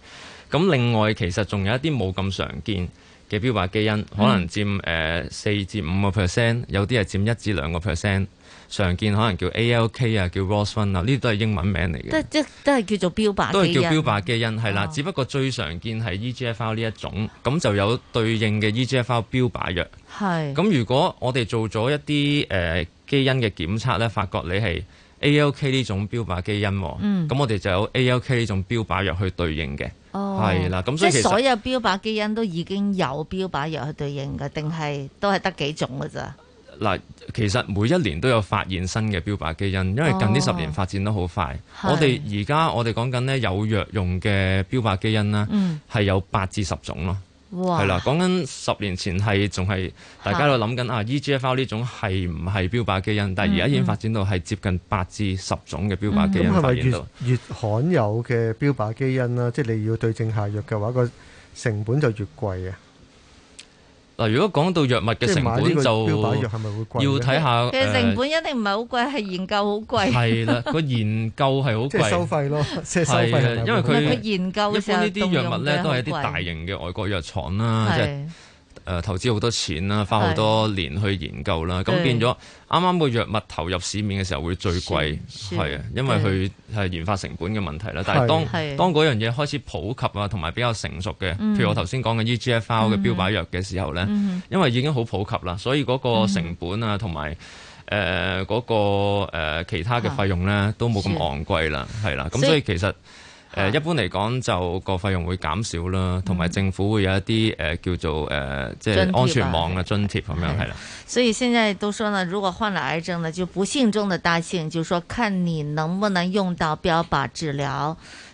咁另外其實仲有一啲冇咁常見嘅標靶基因可能佔誒四至五個 percent，有啲係佔一至兩個 percent。常見可能叫 ALK 啊，叫 ROS1 啊，呢啲都係英文名嚟嘅。都係都係叫做標靶基因。都係叫標靶基因，係啦、哦。只不過最常見係 EGFR 呢一種，咁就有對應嘅 EGFR 標靶藥。係是。咁如果我哋做咗一啲誒、呃、基因嘅檢測咧，發覺你係 ALK 呢種標靶基因，咁、嗯、我哋就有 ALK 呢種標靶藥去對應嘅。係啦，咁即係所有標靶基因都已經有標靶藥去對應嘅，定係都係得幾種嘅咋？嗱，其實每一年都有發現新嘅標靶基因，因為近呢十年發展得好快。我哋而家我哋講緊咧有藥用嘅標靶基因咧，係有八至十種咯。係啦，講緊十年前係仲係大家都喺度諗緊啊,啊，EGFR 呢種係唔係標靶基因，嗯、但係而家已經發展到係接近八至十種嘅標,標靶基因。咁係咪越越罕有嘅標靶基因啦？即係你要對症下藥嘅話，個成本就越貴啊！嗱，如果講到藥物嘅成本就，係咪會貴，要睇下，其實成本一定唔係好貴，係、呃、研究好貴。係啦， [LAUGHS] 個是研究係好貴。收費咯，係因為佢研究嘅時候呢啲藥物咧，都係一啲大型嘅外國藥廠啦。是就是誒、呃、投資好多錢啦，花好多年去研究啦，咁是變咗啱啱個藥物投入市面嘅時候會最貴，係啊，因為佢係研發成本嘅問題啦。是但係當是當嗰樣嘢開始普及啊，同埋比較成熟嘅，譬、嗯、如我頭先講嘅 EGFR 嘅標靶藥嘅時候呢，嗯、哼因為已經好普及啦，所以嗰個成本啊，同埋誒嗰個其他嘅費用呢，是都冇咁昂貴啦，係啦是，咁所以其實。誒、呃、一般嚟講就個費用會減少啦，同埋政府會有一啲誒、嗯呃、叫做誒、呃、即係安全網嘅津貼咁樣係啦。所以現在都說呢，如果患了癌症呢，就不幸中的大幸，就是說看你能不能用到標靶治療。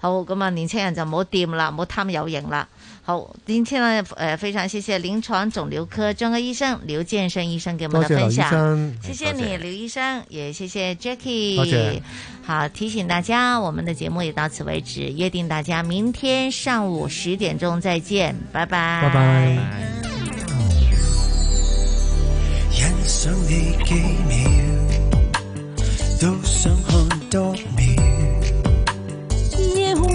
好，咁啊，年輕人就冇掂啦，冇貪有型啦。好，今天呢，誒，非常謝謝臨床腫瘤科專科醫生劉健生醫生給我們的分享。謝謝你，劉醫生，也謝謝 Jackie。好，提醒大家，我們的節目也到此為止，約定大家明天上午十點鐘再見，拜拜。拜拜。